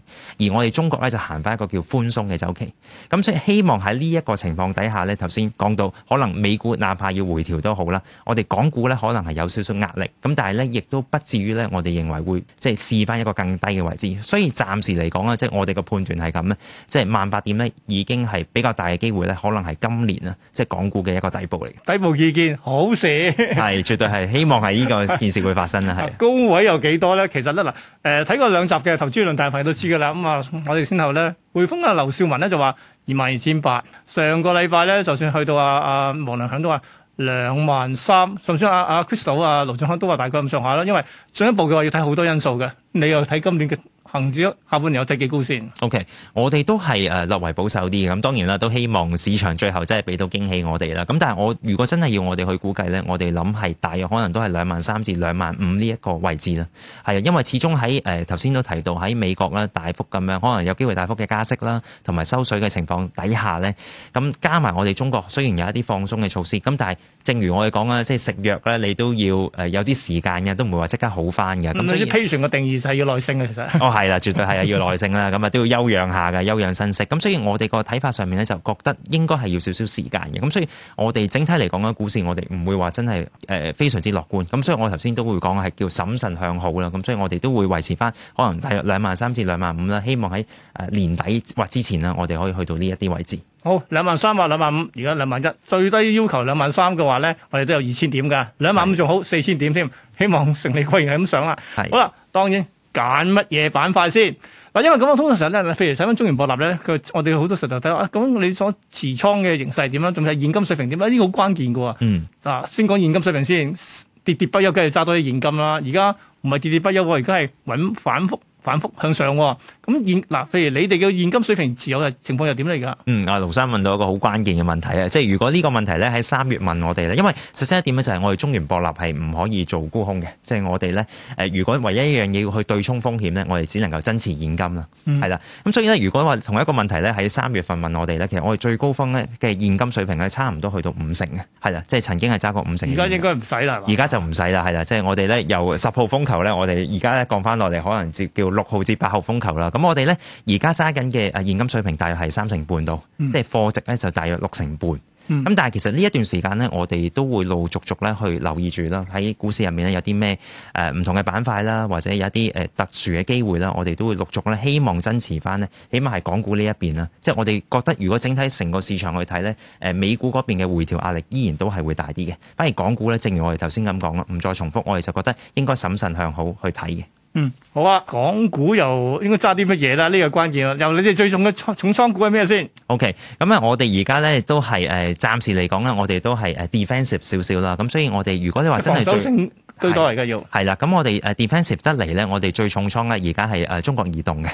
而我哋中國咧就行翻一個叫寬鬆嘅周期。咁所以希望喺呢一個情況底下呢，頭先講到可能美股哪怕要回調都好啦，我哋港股呢可能係有少少壓力，咁但係呢，亦都不至於呢，我哋認為會即係試翻一個更低嘅位置。所以暫時嚟講呢，即係我哋嘅判斷係咁咧，即係萬八點呢已經係比較大嘅機會呢，可能係今年呢，即係港股嘅一個底部嚟。底部意見好事，係 絕對係希望係呢個件事會發生啦，係。高 位有幾多呢？其實呢，嗱、呃，誒睇過兩集。嘅投資論大朋友都知嘅啦，咁啊，我哋先後咧，匯豐啊，劉少文咧就話二萬二千八，上個禮拜咧就算去到啊啊黃良響都話兩萬三，甚至阿、啊、阿、啊、Crystal 啊盧俊康都話大概咁上下啦。因為進一步嘅話要睇好多因素嘅，你又睇今年嘅。恒指下半年有低幾高先？OK，我哋都係誒，略為保守啲。咁當然啦，都希望市場最後真係俾到驚喜我哋啦。咁但係我如果真係要我哋去估計呢，我哋諗係大約可能都係兩萬三至兩萬五呢一個位置啦。係啊，因為始終喺誒頭先都提到喺美國啦，大幅咁樣，可能有機會大幅嘅加息啦，同埋收水嘅情況底下呢，咁加埋我哋中國雖然有一啲放鬆嘅措施，咁但係。正如我哋講啦，即係食藥咧，你都要有啲時間嘅，都唔會話即刻好翻嘅。咁、嗯、所以 patient 嘅定義就係要耐性嘅，其實。哦，係啦，絕對係啊，要耐性啦，咁 啊都要休養下嘅，休養生息。咁所以我哋個睇法上面咧，就覺得應該係要少少時間嘅。咁所以我哋整體嚟講嘅股市我哋唔會話真係非常之樂觀。咁所以我頭先都會講係叫審慎向好啦。咁所以我哋都會維持翻可能大約兩萬三至兩萬五啦。希望喺誒年底或之前啦，我哋可以去到呢一啲位置。好，兩萬三或、啊、兩萬五，而家兩萬一最低要求兩萬三嘅話咧，我哋都有二千點噶。兩萬五仲好四千點添，希望成利貴人係咁想啦。好啦，當然揀乜嘢板塊先嗱，因為咁我通常時咧，譬如睇翻中原博立咧，佢我哋好多實頭睇啊，咁你所持倉嘅形勢點啦，仲係現金水平點啊？呢個好關鍵嘅喎。嗯。嗱，先講現金水平先，跌跌不休，梗係揸多啲現金啦。而家唔係跌跌不休，而家係揾反覆。反覆向上喎，咁現嗱，譬如你哋嘅現金水平持有嘅情況又點嚟㗎？嗯，阿盧生問到一個好關鍵嘅問題啊，即係如果呢個問題咧喺三月問我哋咧，因為實質一點咧就係我哋中原博立係唔可以做沽空嘅，即係我哋咧誒，如果唯一一樣嘢要去對沖風險咧，我哋只能夠增持現金啦，係、嗯、啦。咁所以咧，如果話同一個問題咧喺三月份問我哋咧，其實我哋最高峰咧嘅現金水平咧差唔多去到五成嘅，係啦，即係曾經係揸過五成。而家應該唔使啦，而家就唔使啦，係啦，即係我哋咧由十號風球咧，我哋而家咧降翻落嚟，可能接叫。六號至八號風球啦，咁我哋呢，而家揸緊嘅啊現金水平大約係三成半到，即係貨值呢就大約六成半。咁但係其實呢一段時間呢，我哋都會陸續續咧去留意住啦。喺股市入面呢，有啲咩誒唔同嘅板塊啦，或者有一啲誒特殊嘅機會啦，我哋都會陸續咧希望增持翻呢，起碼係港股呢一邊啦。即係我哋覺得如果整體成個市場去睇呢，誒美股嗰邊嘅回調壓力依然都係會大啲嘅。反而港股呢，正如我哋頭先咁講啦，唔再重複，我哋就覺得應該審慎向好去睇嘅。嗯，好啊，港股又應該揸啲乜嘢啦？呢、這個關鍵啊，由你哋最重嘅重倉股係咩先？OK，咁我哋而家咧都係誒，暫時嚟講咧，我哋都係誒 defensive 少少啦。咁所以我哋如果你話真係最居多而家要係啦，咁我哋誒 defensive 得嚟咧，我哋最重倉咧而家係中國移動嘅。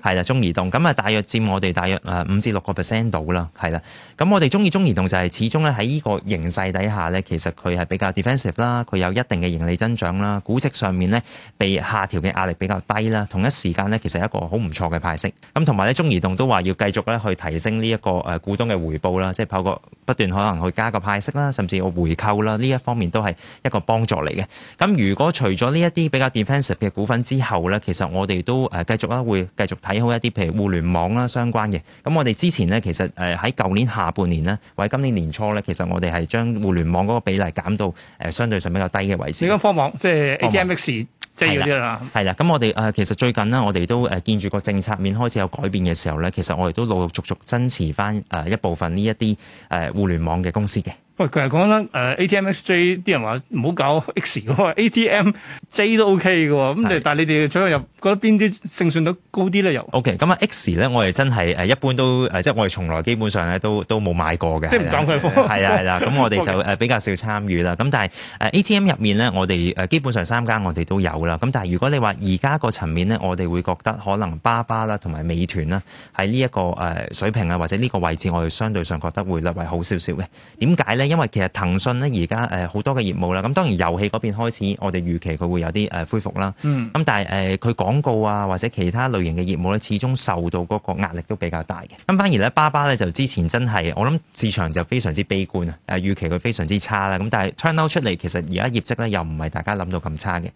係啦，中移動咁啊，大約佔我哋大約誒五至六個 percent 度啦，係啦。咁我哋中意中移動就係始終咧喺呢個形勢底下咧，其實佢係比較 defensive 啦，佢有一定嘅盈利增長啦，估值上面咧被下調嘅壓力比較低啦。同一時間咧，其實一個好唔錯嘅派息。咁同埋咧，中移動都話要繼續咧去提升呢一個股東嘅回報啦，即係透過不斷可能去加個派息啦，甚至有回購啦，呢一方面都係一個幫助嚟嘅。咁如果除咗呢一啲比較 defensive 嘅股份之後咧，其實我哋都誒繼續啦，會繼續睇好一啲譬如互聯網啦，相關嘅。咁我哋之前咧，其實喺舊年下半年咧，或者今年年初咧，其實我哋係將互聯網嗰個比例減到相對上比較低嘅位置。你講科網即係 ATMX 即係要啲啦。係啦，咁我哋其實最近呢，我哋都誒見住個政策面開始有改變嘅時候咧，其實我哋都陸陸續續增持翻一部分呢一啲互聯網嘅公司嘅。佢、哦、係講得、呃、ATMXJ 啲人話唔好搞 X 喎 ATMJ 都 OK 喎。咁，但你哋再入覺得邊啲勝算率高啲咧？又 OK 咁啊 X 咧，我哋真係一般都即係我哋從來基本上都都冇買過嘅，唔敢佢係風險係啦咁我哋就比較少參與啦。咁但係、呃、ATM 入面咧，我哋基本上三家我哋都有啦。咁但係如果你話而家個層面咧，我哋會覺得可能巴巴啦同埋美團啦喺呢一個水平啊，或者呢個位置，我哋相對上覺得會略為好少少嘅。點解咧？因為其實騰訊咧而家誒，好多嘅業務啦，咁當然遊戲嗰邊開始我哋預期佢會有啲誒恢復啦。嗯。咁但係誒佢廣告啊或者其他類型嘅業務咧，始終受到嗰個壓力都比較大嘅。咁反而咧，巴巴咧就之前真係我諗市場就非常之悲觀啊，誒預期佢非常之差啦。咁但係 turn out 出嚟，其實而家業績咧又唔係大家諗到咁差嘅。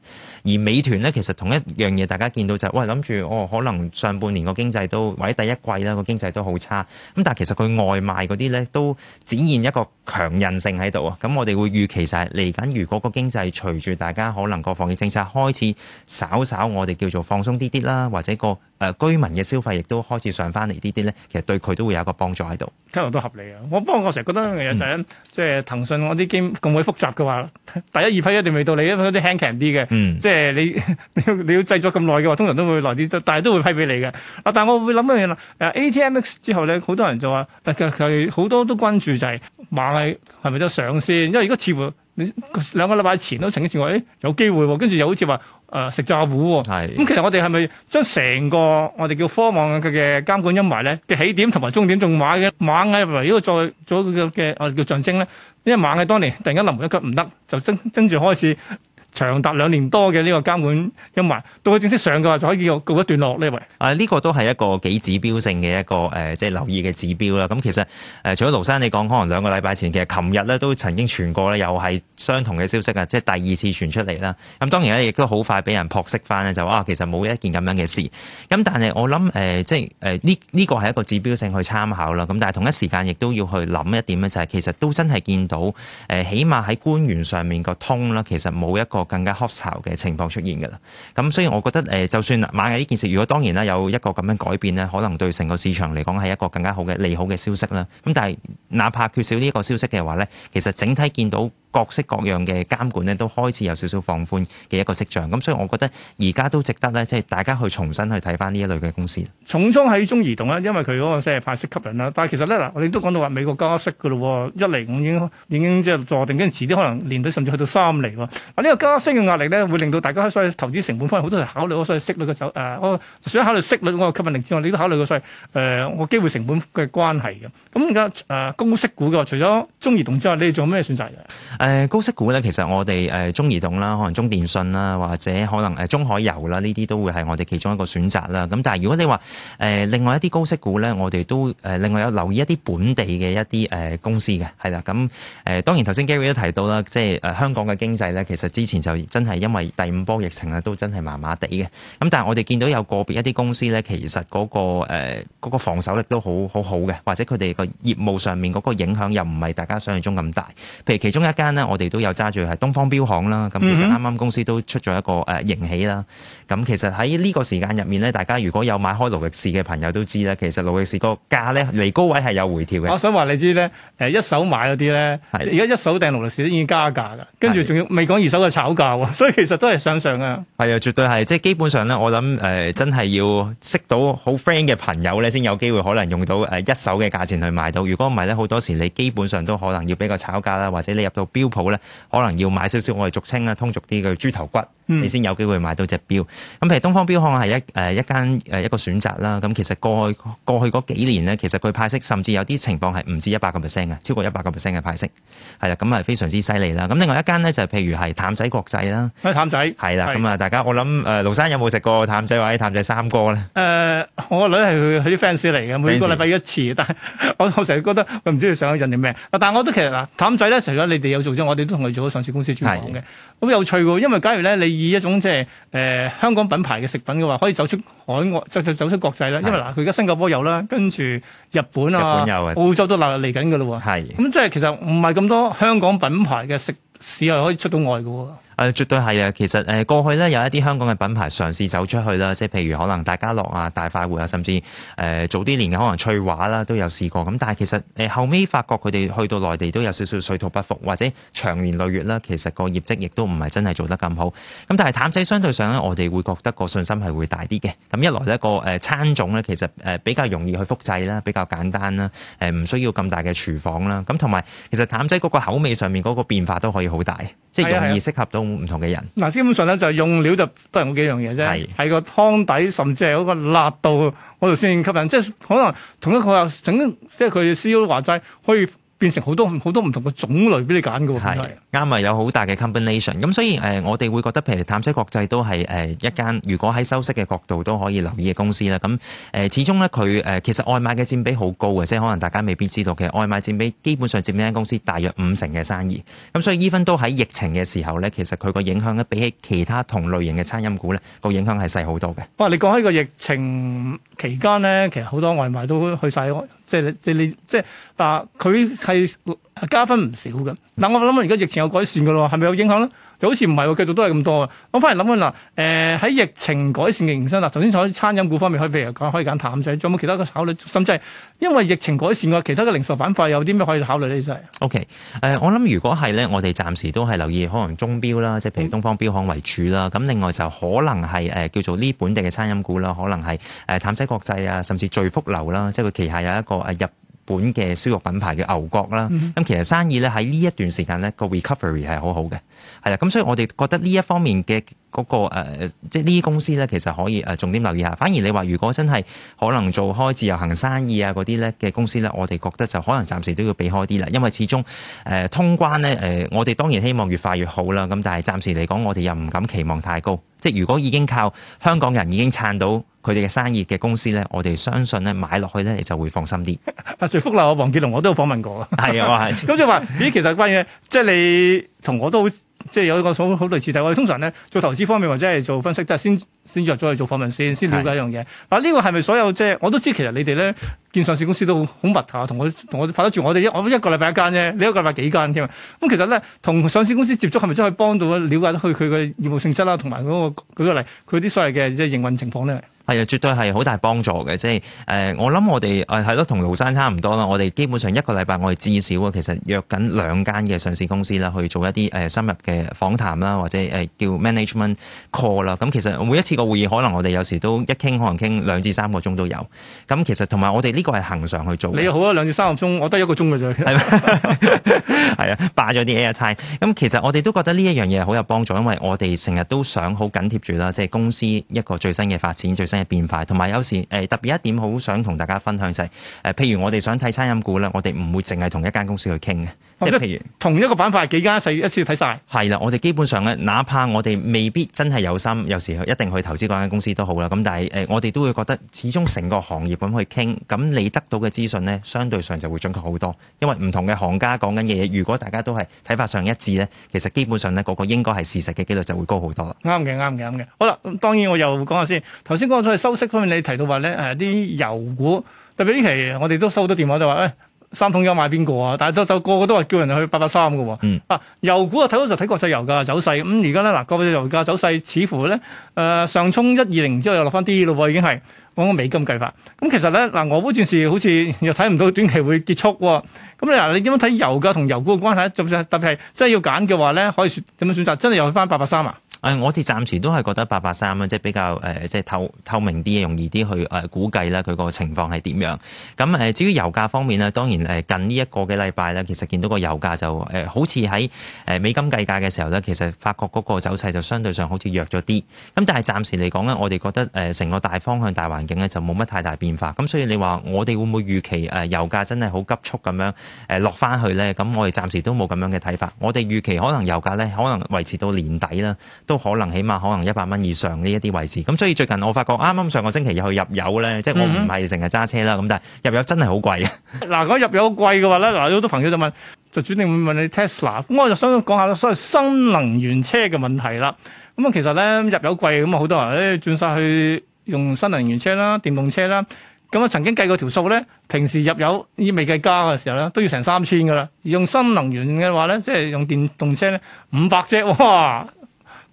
而美團咧，其實同一樣嘢，大家見到就係喂諗住哦，可能上半年個經濟都或者第一季啦個經濟都好差。咁但係其實佢外賣嗰啲咧都展現一個。強韌性喺度啊！咁我哋會預期實嚟緊，如果個經濟隨住大家可能個防疫政策開始稍稍，我哋叫做放鬆啲啲啦，或者個。誒居民嘅消費亦都開始上翻嚟，呢啲咧其實對佢都會有一個幫助喺度，聽落都合理啊！我不過我成日覺得一樣嘢就係，即係騰訊嗰啲 game 咁鬼複雜嘅話，第一二批一定未到你，因為啲輕騎啲嘅，即、嗯、係你你要，你要製作咁耐嘅話，通常都會耐啲，但係都會批俾你嘅。啊，但係我會諗一樣啦，ATMX 之後咧，好多人就話，佢好多都關注就係、是、螞蟻係咪都上線，因為而家似乎。你兩個禮拜前都曾經似話，誒有機會喎，跟住又好似話，誒、呃、食詐糊喎。咁其實我哋係咪將成個我哋叫科網嘅嘅監管陰霾咧嘅起點同埋終點呢，仲買嘅螞蟻為一個再做嘅嘅我哋叫象徵咧？因為螞蟻當年突然間臨門一腳唔得，就跟跟住開始。長達兩年多嘅呢個監管一環，到佢正式上嘅話，就可以告一段落呢？位啊，呢、這個都係一個幾指標性嘅一個誒、呃，即係留意嘅指標啦。咁其實誒、呃，除咗盧生你講，可能兩個禮拜前，其實琴日咧都曾經傳過咧，又係相同嘅消息啊，即係第二次傳出嚟啦。咁當然咧，亦都好快俾人撲熄翻咧，就說啊，其實冇一件咁樣嘅事。咁但係我諗誒、呃，即係誒呢呢個係一個指標性去參考啦。咁但係同一時間，亦都要去諗一點咧，就係、是、其實都真係見到誒、呃，起碼喺官員上面個通啦，其實冇一個，更加蝦潮嘅情況出現嘅啦，咁所以我覺得誒、呃，就算螞蟻呢件事，如果當然啦有一個咁樣改變咧，可能對成個市場嚟講係一個更加好嘅利好嘅消息啦。咁但係哪怕缺少呢個消息嘅話咧，其實整體見到。各式各樣嘅監管咧，都開始有少少放寬嘅一個跡象。咁所以，我覺得而家都值得咧，即係大家去重新去睇翻呢一類嘅公司。重倉喺中移動啊，因為佢嗰個即係派息吸引啦。但係其實咧嗱，我哋都講到話美國加息嘅咯，一嚟已經已經即係坐定，跟住遲啲可能年底甚至去到三嚟喎。啊，呢個加息嘅壓力咧，會令到大家所以投資成本方面好多係考慮所以息率嘅走誒，想、呃、考慮息率嗰個吸引力之外，你都考慮過所以誒個機會成本嘅關係嘅。咁而家誒高息股嘅，除咗中移動之外，你哋仲有咩選擇嘅？誒高息股咧，其實我哋誒中移動啦，可能中電信啦，或者可能誒中海油啦，呢啲都會係我哋其中一個選擇啦。咁但係如果你話誒、呃、另外一啲高息股咧，我哋都誒、呃、另外有留意一啲本地嘅一啲誒、呃、公司嘅，係啦。咁誒、呃、當然頭先 Gary 都提到啦，即係、呃、香港嘅經濟咧，其實之前就真係因為第五波疫情咧，都真係麻麻地嘅。咁但係我哋見到有個別一啲公司咧，其實嗰、那個誒嗰、呃那個、防守力都好好好嘅，或者佢哋個業務上面嗰個影響又唔係大家想像中咁大。譬如其中一我哋都有揸住係東方錶行啦。咁其實啱啱公司都出咗一個誒盈喜啦。咁其實喺呢個時間入面咧，大家如果有買開勞力士嘅朋友都知啦，其實勞力士個價咧離高位係有回調嘅。我想話你知咧，誒一手買嗰啲咧，而家一手訂勞力士都已經加價噶，跟住仲要未講二手嘅炒價喎，所以其實都係上上啊。係啊，絕對係，即係基本上咧，我諗、呃、真係要識到好 friend 嘅朋友咧，先有機會可能用到誒一手嘅價錢去買到。如果唔係咧，好多時你基本上都可能要俾個炒價啦，或者你入到錶舖咧，可能要買少少我哋俗稱啦、通俗啲嘅豬頭骨，你先有機會買到隻錶。嗯咁譬如東方表行係一誒、呃、一間誒、呃、一個選擇啦，咁其實過去過去嗰幾年咧，其實佢派息甚至有啲情況係唔止一百個 percent 嘅，超過一百個 percent 嘅派息，係啦，咁係非常之犀利啦。咁另外一間咧就係譬如係譚仔國際啦，係譚仔係啦，咁啊大家我諗誒、呃、盧生有冇食過譚仔或者譚仔三哥咧？誒、呃，我個女係佢啲 fans 嚟嘅，每個禮拜一次，但係我我成日覺得佢唔知佢上咗癮定咩？但係我覺得其實嗱，譚仔咧除咗你哋有做之外，我哋都同佢做咗上市公司專項嘅，咁有趣喎，因為假如咧你以一種即係誒。呃香港品牌嘅食品嘅話，可以走出海外，再再走出國際啦，因為嗱，佢而家新加坡有啦，跟住日本啊、澳洲都嚟緊嘅咯。係，咁，即係其實唔係咁多香港品牌嘅食肆係可以出到外嘅。誒、呃、絕對係啊！其實誒、呃、過去咧有一啲香港嘅品牌嘗試走出去啦，即係譬如可能大家樂啊、大快活啊，甚至誒、呃、早啲年嘅可能翠華啦都有試過。咁但係其實誒、呃、後尾發覺佢哋去到內地都有少少水土不服，或者長年累月啦，其實個業績亦都唔係真係做得咁好。咁但係譚仔相對上咧，我哋會覺得個信心係會大啲嘅。咁一來呢、那個誒、呃、餐種咧其實誒、呃、比較容易去複製啦，比較簡單啦，誒、呃、唔需要咁大嘅廚房啦。咁同埋其實譚仔嗰個口味上面嗰個變化都可以好大。即係容易適合到唔同嘅人。嗱，基本上咧就用料就都係嗰幾樣嘢啫。係，係個湯底，甚至係嗰個辣度，嗰度先吸引。即係可能同一個整，即係佢 C.E.O. 話齋可以。變成好多好多唔同嘅種類俾你揀嘅喎，係啱啊！有好大嘅 combination。咁所以誒、呃，我哋會覺得，譬如譚仔國際都係誒、呃、一間，如果喺收息嘅角度都可以留意嘅公司啦。咁誒、呃，始終咧佢、呃、其實外賣嘅佔比好高嘅，即係可能大家未必知道嘅外賣佔比基本上佔呢間公司大約五成嘅生意。咁所以依分都喺疫情嘅時候咧，其實佢個影響咧比起其他同類型嘅餐飲股咧個影響係細好多嘅。哇、啊！你講起個疫情期間咧，其實好多外賣都去晒。即係即係你即係，啊！佢係加分唔少嘅。嗱，我諗啊，而家疫情有改善㗎咯，係咪有影響咧？就好似唔係喎，繼續都係咁多啊！我反嚟諗緊喇，誒、呃、喺疫情改善嘅形勢啦，頭先喺餐飲股方面，可以譬如講可以揀譚仔，仲有冇其他嘅考慮？甚至係因為疫情改善嘅其他嘅零售板塊有啲咩可以考慮呢？真係 OK，誒、呃、我諗如果係咧，我哋暫時都係留意可能中標啦，即係譬如東方標行為主啦。咁、嗯、另外就可能係、呃、叫做呢本地嘅餐飲股啦，可能係誒、呃、譚仔國際啊，甚至聚福樓啦，即係佢旗下有一個、啊、入。本嘅燒肉品牌嘅牛角啦，咁其實生意咧喺呢一段時間咧個 recovery 係好好嘅，係啦，咁所以我哋覺得呢一方面嘅。嗰、那個、呃、即係呢啲公司呢，其實可以誒重點留意下。反而你話如果真係可能做開自由行生意啊嗰啲呢嘅公司呢，我哋覺得就可能暫時都要避開啲啦，因為始終誒、呃、通關呢，誒、呃，我哋當然希望越快越好啦。咁但係暫時嚟講，我哋又唔敢期望太高。即係如果已經靠香港人已經撐到佢哋嘅生意嘅公司呢，我哋相信呢買落去呢，你就會放心啲。阿徐福來啊，王健龍，我都有訪問過 啊。係啊，咁就話咦，其實關於即係你同我都好。即係有一個好好類似，就係我哋通常咧做投資方面或者係做分析，都係先先入咗去做訪問先，先了解一樣嘢。嗱，呢個係咪所有？即係我都知，其實你哋咧。見上市公司都好密呀，同我同我拍得住，我哋一我一個禮拜一間啫，你一個禮拜幾間添？咁其實咧，同上市公司接觸係咪真係可以幫到了解佢佢嘅業務性質啦，同埋嗰個舉個例佢啲所謂嘅即係營運情況咧？係啊，絕對係好大幫助嘅，即係誒，我諗我哋誒係咯，同盧山差唔多啦。我哋基本上一個禮拜，我哋至少啊，其實約緊兩間嘅上市公司啦，去做一啲誒深入嘅訪談啦，或者誒叫 management call 啦。咁其實每一次個會議，可能我哋有時都一傾，可能傾兩至三個鐘都有。咁其實同埋我哋呢，都係行上去做。你好啊，兩至三個鐘，我得一個鐘嘅啫。係 啊，霸咗啲 airtime。咁其實我哋都覺得呢一樣嘢好有幫助，因為我哋成日都想好緊貼住啦，即係公司一個最新嘅發展、最新嘅變化。同埋有時誒特別一點，好想同大家分享就係譬如我哋想睇餐飲股啦，我哋唔會淨係同一間公司去傾嘅。即係譬如同一個板塊幾間，細一次睇晒。係啦，我哋基本上呢，哪怕我哋未必真係有心，有時一定去投資嗰間公司都好啦。咁但係誒，我哋都會覺得始終成個行業咁去傾咁。你得到嘅資訊呢，相對上就會準確好多，因為唔同嘅行家講緊嘅嘢，如果大家都係睇法上一致呢，其實基本上呢，個個應該係事實嘅幾率就會高好多。啱嘅，啱嘅，啱嘅。好啦，當然我又講下先。頭先講咗去收息方面，你提到話呢誒啲油股，特別呢期我哋都收到電話就話誒、哎、三桶油買邊個啊？但係都都個個都話叫人去八八三㗎喎。啊，油股啊睇到就睇國際油價走勢。咁而家呢，嗱，國際油價走勢似乎呢，誒、呃、上衝一二零之後又落翻啲咯喎，已經係。講個美金計法，咁其實咧嗱，俄烏戰事好似又睇唔到短期會結束喎、哦。咁咧嗱，你點樣睇油價同油股嘅關係？特別係真係要揀嘅話咧，可以點樣選擇？真係又去翻八八三啊？誒，我哋暫時都係覺得八八三啦，即係比較誒，即係透透明啲、容易啲去誒估計啦，佢個情況係點樣？咁誒，至於油價方面咧，當然誒近呢一個幾禮拜咧，其實見到個油價就誒、呃、好似喺誒美金計價嘅時候咧，其實發覺嗰個走勢就相對上好似弱咗啲。咁但係暫時嚟講咧，我哋覺得誒成個大方向、大環景就冇乜太大變化，咁所以你話我哋會唔會預期誒油價真係好急速咁樣誒落翻去咧？咁我哋暫時都冇咁樣嘅睇法。我哋預期可能油價咧，可能維持到年底啦，都可能起碼可能一百蚊以上呢一啲位置。咁所以最近我發覺啱啱上個星期去入油咧，即係我唔係成日揸車啦，咁、嗯、但係入油真係好貴嘅。嗱，如果入油貴嘅話咧，嗱，好多朋友就問，就轉定會問你 Tesla。咁我就想講下所謂新能源車嘅問題啦。咁啊，其實咧入油貴，咁啊，好多人誒轉晒去。用新能源車啦、電動車啦，咁啊，曾經計過條數咧，平時入油呢未計加嘅時候咧，都要成三千噶啦。而用新能源嘅話咧，即係用電動車咧，五百隻哇，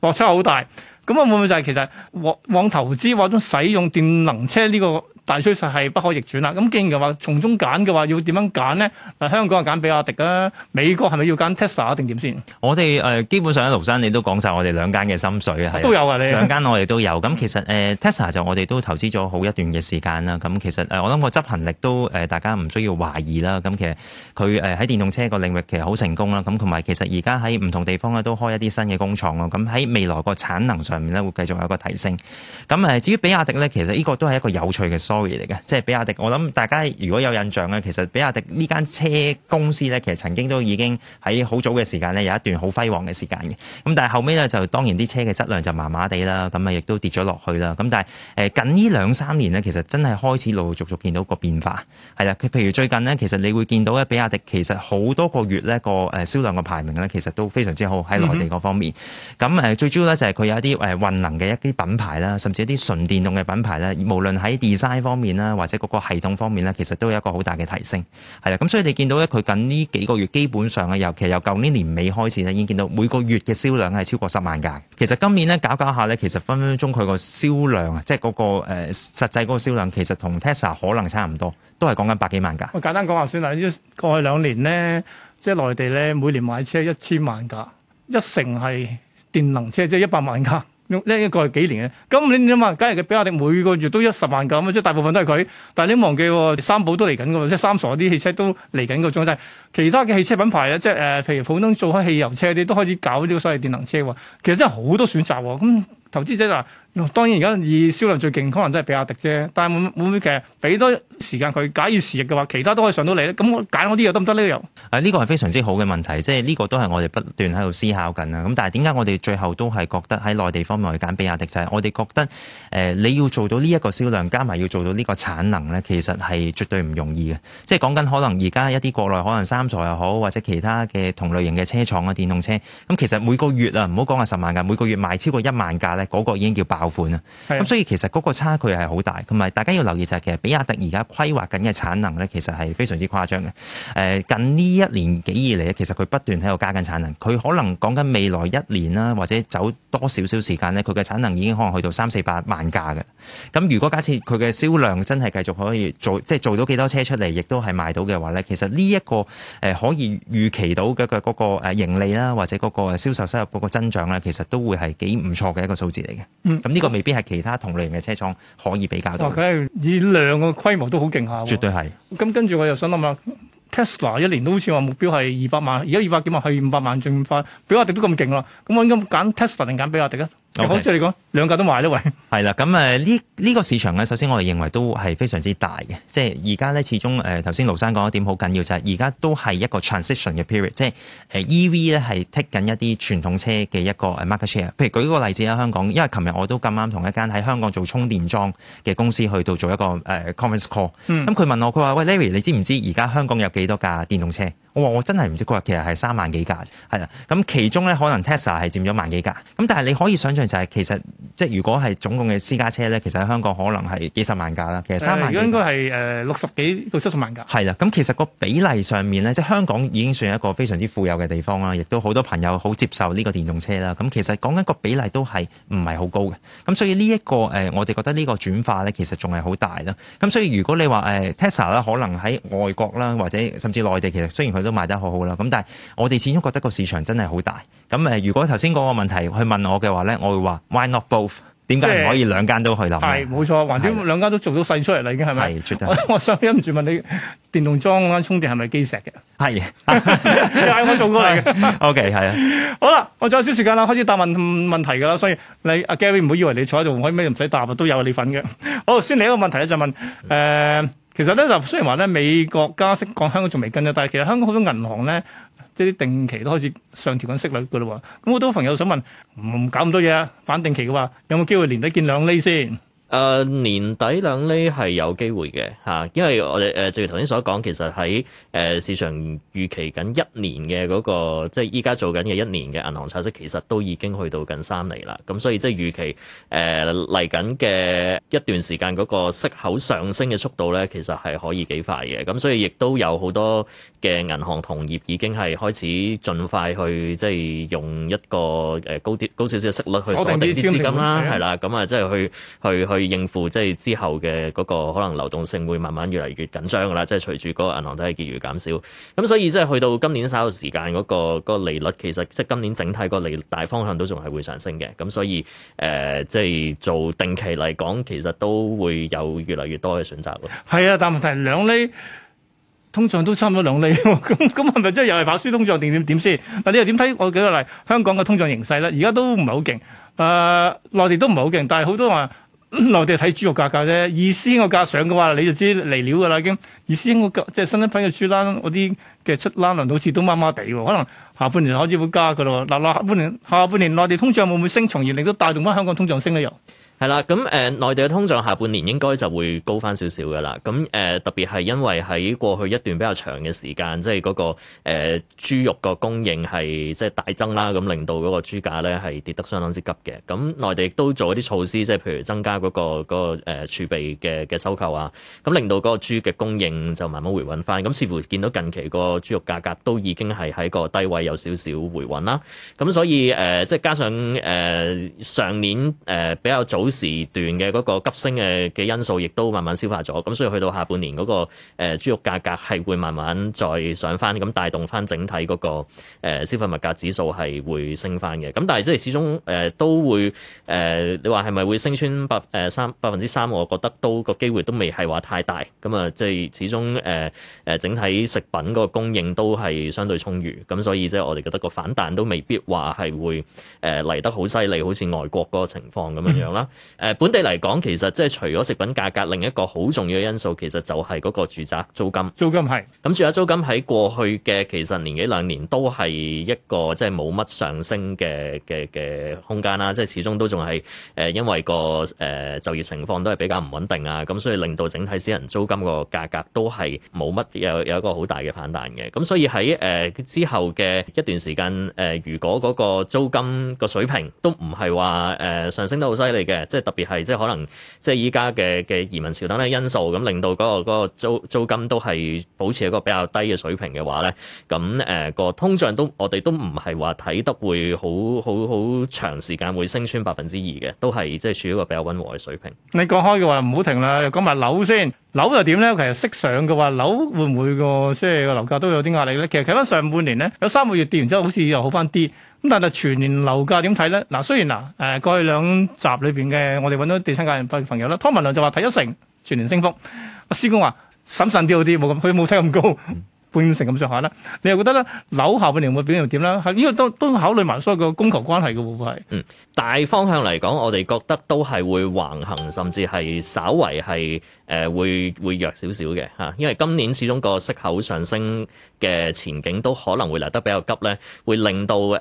落差好大。咁啊，會唔會就係、是、其實往，往投資或者使用電能車呢、這個？大趨勢係不可逆轉啦。咁既然話從中揀嘅話，要點樣揀呢？誒，香港就揀比亞迪啊，美國係咪要揀 Tesla 定點先？我哋誒、呃、基本上喺盧生，你都講晒，我哋兩間嘅心水啊，係都有啊，你兩間我哋都有。咁其實誒、呃、Tesla 就我哋都投資咗好一段嘅時間啦。咁其實誒、呃、我諗個執行力都誒、呃、大家唔需要懷疑啦。咁其實佢誒喺電動車個領域其實好成功啦。咁同埋其實而家喺唔同地方咧都開一啲新嘅工廠咯。咁喺未來個產能上面咧會繼續有一個提升。咁誒至於比亞迪咧，其實呢個都係一個有趣嘅嚟嘅，即係比亞迪。我諗大家如果有印象咧，其實比亞迪呢間車公司咧，其實曾經都已經喺好早嘅時間咧有一段好輝煌嘅時間嘅。咁但係後尾咧就當然啲車嘅質量就麻麻地啦，咁啊亦都跌咗落去啦。咁但係誒近呢兩三年咧，其實真係開始陸陸續續見到個變化係啦。佢譬如最近呢，其實你會見到咧，比亞迪其實好多個月咧個誒銷量嘅排名咧，其實都非常之好喺內地嗰方面。咁、嗯、誒最主要咧就係佢有一啲誒混能嘅一啲品牌啦，甚至一啲純電動嘅品牌咧，無論喺 design 方面啦，或者嗰個系統方面咧，其實都有一個好大嘅提升，係啦。咁所以你見到咧，佢近呢幾個月基本上啊，尤其由舊年年尾開始咧，已經見到每個月嘅銷量係超過十萬架。其實今年咧搞搞下咧，其實分分鐘佢個銷量啊，即係嗰個誒實際嗰個銷量，那個呃、實銷量其實同 Tesla 可能差唔多，都係講緊百幾萬架。我簡單講下算啦，過去兩年呢，即、就、係、是、內地咧，每年買車一千萬架，一成係電能車，即係一百萬架。一個幾年嘅，咁你諗下，假如佢比亞迪每個月都一十萬咁啊，即係大部分都係佢。但係你忘記，三寶都嚟緊喎，即係三傻啲汽車都嚟緊個狀態。其他嘅汽車品牌啊，即係誒、呃，譬如普通做開汽油車啲，都開始搞呢個所謂電能車。其實真係好多選擇。咁投資者就。當然而家以銷量最勁，可能都係比亞迪啫。但係會唔會其實俾多時間佢，假如時日嘅話，其他都可以上到嚟咧。咁我揀我啲又得唔得咧？又呢、啊呢個係非常之好嘅問題，即係呢個都係我哋不斷喺度思考緊啊。咁但係點解我哋最後都係覺得喺內地方面去揀比亞迪就係、是、我哋覺得誒、呃，你要做到呢一個銷量，加埋要做到呢個產能咧，其實係絕對唔容易嘅。即係講緊可能而家一啲國內可能三財又好，或者其他嘅同類型嘅車廠嘅電動車，咁其實每個月啊，唔好講係十萬架，每個月賣超過一萬架呢，嗰、那個已經叫百。款、嗯、啊，咁所以其實嗰個差距係好大，同埋大家要留意就係其實比亞迪而家規劃緊嘅產能咧，其實係非常之誇張嘅。誒，近呢一年幾以嚟咧，其實佢不斷喺度加緊產能，佢可能講緊未來一年啦，或者走多少少時間咧，佢嘅產能已經可能去到三四百萬架嘅。咁如果假設佢嘅銷量真係繼續可以做，即係做到幾多車出嚟，亦都係賣到嘅話咧，其實呢一個誒可以預期到嘅嘅嗰個盈利啦，或者嗰個銷售收入嗰個增長咧，其實都會係幾唔錯嘅一個數字嚟嘅。嗯呢、這個未必係其他同類型嘅車廠可以比較到。哇！佢係以量嘅規模都好勁下。絕對係。咁、嗯、跟住我又想諗下 Tesla 一年都好似話目標係二百萬，而家二百幾萬去五百萬進化，比亞迪都咁勁啦。咁我應該揀 Tesla 定揀比亞迪啊？好你，即係你講兩架都壞啦，喂！係啦，咁誒，呢呢個市場咧，首先我哋認為都係非常之大嘅，即係而家咧始終誒，頭先盧生講一點好緊要就係，而家都係一個 transition 嘅 period，即係誒 EV 咧係 take 緊一啲傳統車嘅一個 market share。譬如舉個例子喺香港，因為琴日我都咁啱同一間喺香港做充電樁嘅公司去到做一個誒 conference call，咁、嗯、佢問我，佢話喂 Larry，你知唔知而家香港有幾多架電動車？我、哦、話我真係唔知，嗰日其實係三萬幾架，係啦。咁其中咧可能 Tesla 係佔咗萬幾架，咁但係你可以想象就係、是、其實即係如果係總共嘅私家車咧，其實喺香港可能係幾十萬架啦。其實三萬架、呃、如果應該係六十幾到七十萬架。係啦，咁其實個比例上面咧，即係香港已經算係一個非常之富有嘅地方啦，亦都好多朋友好接受呢個電動車啦。咁其實講緊個比例都係唔係好高嘅。咁所以呢、這、一個、呃、我哋覺得呢個轉化咧，其實仲係好大啦。咁所以如果你話、呃、Tesla 咧，可能喺外國啦，或者甚至內地，其實雖然佢都賣得好好啦，咁但係我哋始終覺得個市場真係好大。咁如果頭先嗰個問題去問我嘅話咧，我會話 why not both？點解唔可以兩間都去攬？係、欸、冇錯，橫掂兩間都做到細出嚟啦，已經係咪？係絕對。我，我想忍唔住問你，電動裝嗰間充電係咪機石嘅？係，就係咁做過嚟嘅。 OK，係啊。好啦，我仲有少少時間啦，開始答問問題㗎啦。所以你 Gary 唔好以為你坐喺度唔可以咩唔使答，都有你份嘅。好，先嚟一個問題啦，就問、呃其實咧，就雖然話咧，美國加息，講香港仲未跟啦，但係其實香港好多銀行咧，即係啲定期都開始上調緊息率㗎咯喎。咁好多朋友想問，唔、嗯、搞咁多嘢啊，反定期嘅話，有冇機會年底見兩厘先？誒年底兩厘係有機會嘅嚇，因為我哋誒正如頭先所講，其實喺市場預期緊一年嘅嗰個，即係依家做緊嘅一年嘅銀行拆息，其實都已經去到近三厘啦。咁所以即係預期誒嚟緊嘅一段時間嗰個息口上升嘅速度咧，其實係可以幾快嘅。咁所以亦都有好多嘅銀行同業已經係開始盡快去即係用一個高啲高少少嘅息率去鎖定啲資金啦，係啦。咁啊，即係去去去。應付即係之後嘅嗰個可能流動性會慢慢越嚟越緊張噶啦，即係隨住個銀行體系結餘減少，咁所以即係去到今年稍後時間嗰個利率，其實即係今年整體個利率大方向都仲係會上升嘅，咁所以誒即係做定期嚟講，其實都會有越嚟越多嘅選擇咯。係啊，但係問題係兩厘，通脹都差唔多兩厘，咁咁係咪即係又係跑輸通脹定點點先？嗱，但你又點睇？我舉個例，香港嘅通脹形勢咧，而家都唔係好勁，誒內地都唔係好勁，但係好多話。內地睇豬肉價格啫，二師兄個價上嘅話，你就知嚟料噶啦已經。二師兄個即係新一批嘅豬欄，我啲嘅出欄量好似都麻麻地喎，可能下半年開始會加嘅咯。嗱嗱，下半年下半年內地通脹會唔會升，從而令到帶動翻香港通脹升咧又？係啦，咁誒內地嘅通脹下半年應該就會高翻少少㗎啦。咁誒、呃、特別係因為喺過去一段比較長嘅時間，即係嗰、那個誒豬、呃、肉個供應係即係大增啦，咁令到嗰個豬價咧係跌得相當之急嘅。咁內地亦都做一啲措施，即係譬如增加嗰、那個個誒儲備嘅嘅收購啊，咁令到嗰個豬嘅供應就慢慢回穩翻。咁似乎見到近期個豬肉價格都已經係喺個低位有少少回穩啦。咁所以誒、呃，即係加上誒、呃、上年、呃、比較早。好時段嘅嗰個急升嘅嘅因素，亦都慢慢消化咗。咁所以去到下半年嗰個誒豬肉價格係會慢慢再上返，咁帶動返整體嗰個消費物價指數係會升返嘅。咁但係即係始終誒都會誒，你話係咪會升穿百誒三百分之三？我覺得都個機會都未係話太大。咁啊，即係始終誒誒整體食品嗰個供應都係相對充裕。咁所以即係我哋覺得個反彈都未必話係會誒嚟得好犀利，好似外國嗰個情況咁樣樣啦。誒本地嚟講，其實即係除咗食品價格，另一個好重要嘅因素，其實就係嗰個住宅租金。租金係咁，住宅租金喺過去嘅其實年幾兩年都係一個即係冇乜上升嘅嘅嘅空間啦。即係始終都仲係誒，因為個誒就業情況都係比較唔穩定啊。咁所以令到整體私人租金個價格都係冇乜有有一個好大嘅反彈嘅。咁所以喺誒之後嘅一段時間，誒如果嗰個租金個水平都唔係話誒上升得好犀利嘅。即係特別係，即係可能，即係依家嘅嘅移民潮等等因素，咁令到嗰個租租金都係保持一個比較低嘅水平嘅話咧，咁、那、誒個通脹都，我哋都唔係話睇得會好好好長時間會升穿百分之二嘅，都係即係處於一個比較溫和嘅水平。你講開嘅話唔好停啦，又講埋樓先，樓又點咧？其實息上嘅話，樓會唔會個即係個樓價都有啲壓力咧？其實睇翻上半年咧，有三個月跌完之後，好似又好翻啲。咁但係全年樓價點睇咧？嗱，雖然嗱，誒過去兩集裏面嘅我哋揾到地產界嘅朋友啦，湯文亮就話睇一成全年升幅，阿師公話審慎啲好啲，冇咁佢冇睇咁高。半成咁上下啦，你又覺得咧，樓下半年會表現點啦？係因為都都考慮埋所有個供求關係嘅會唔會係？嗯，大方向嚟講，我哋覺得都係會橫行，甚至係稍為係誒會會弱少少嘅吓，因為今年始終個息口上升嘅前景都可能會嚟得比較急咧，會令到誒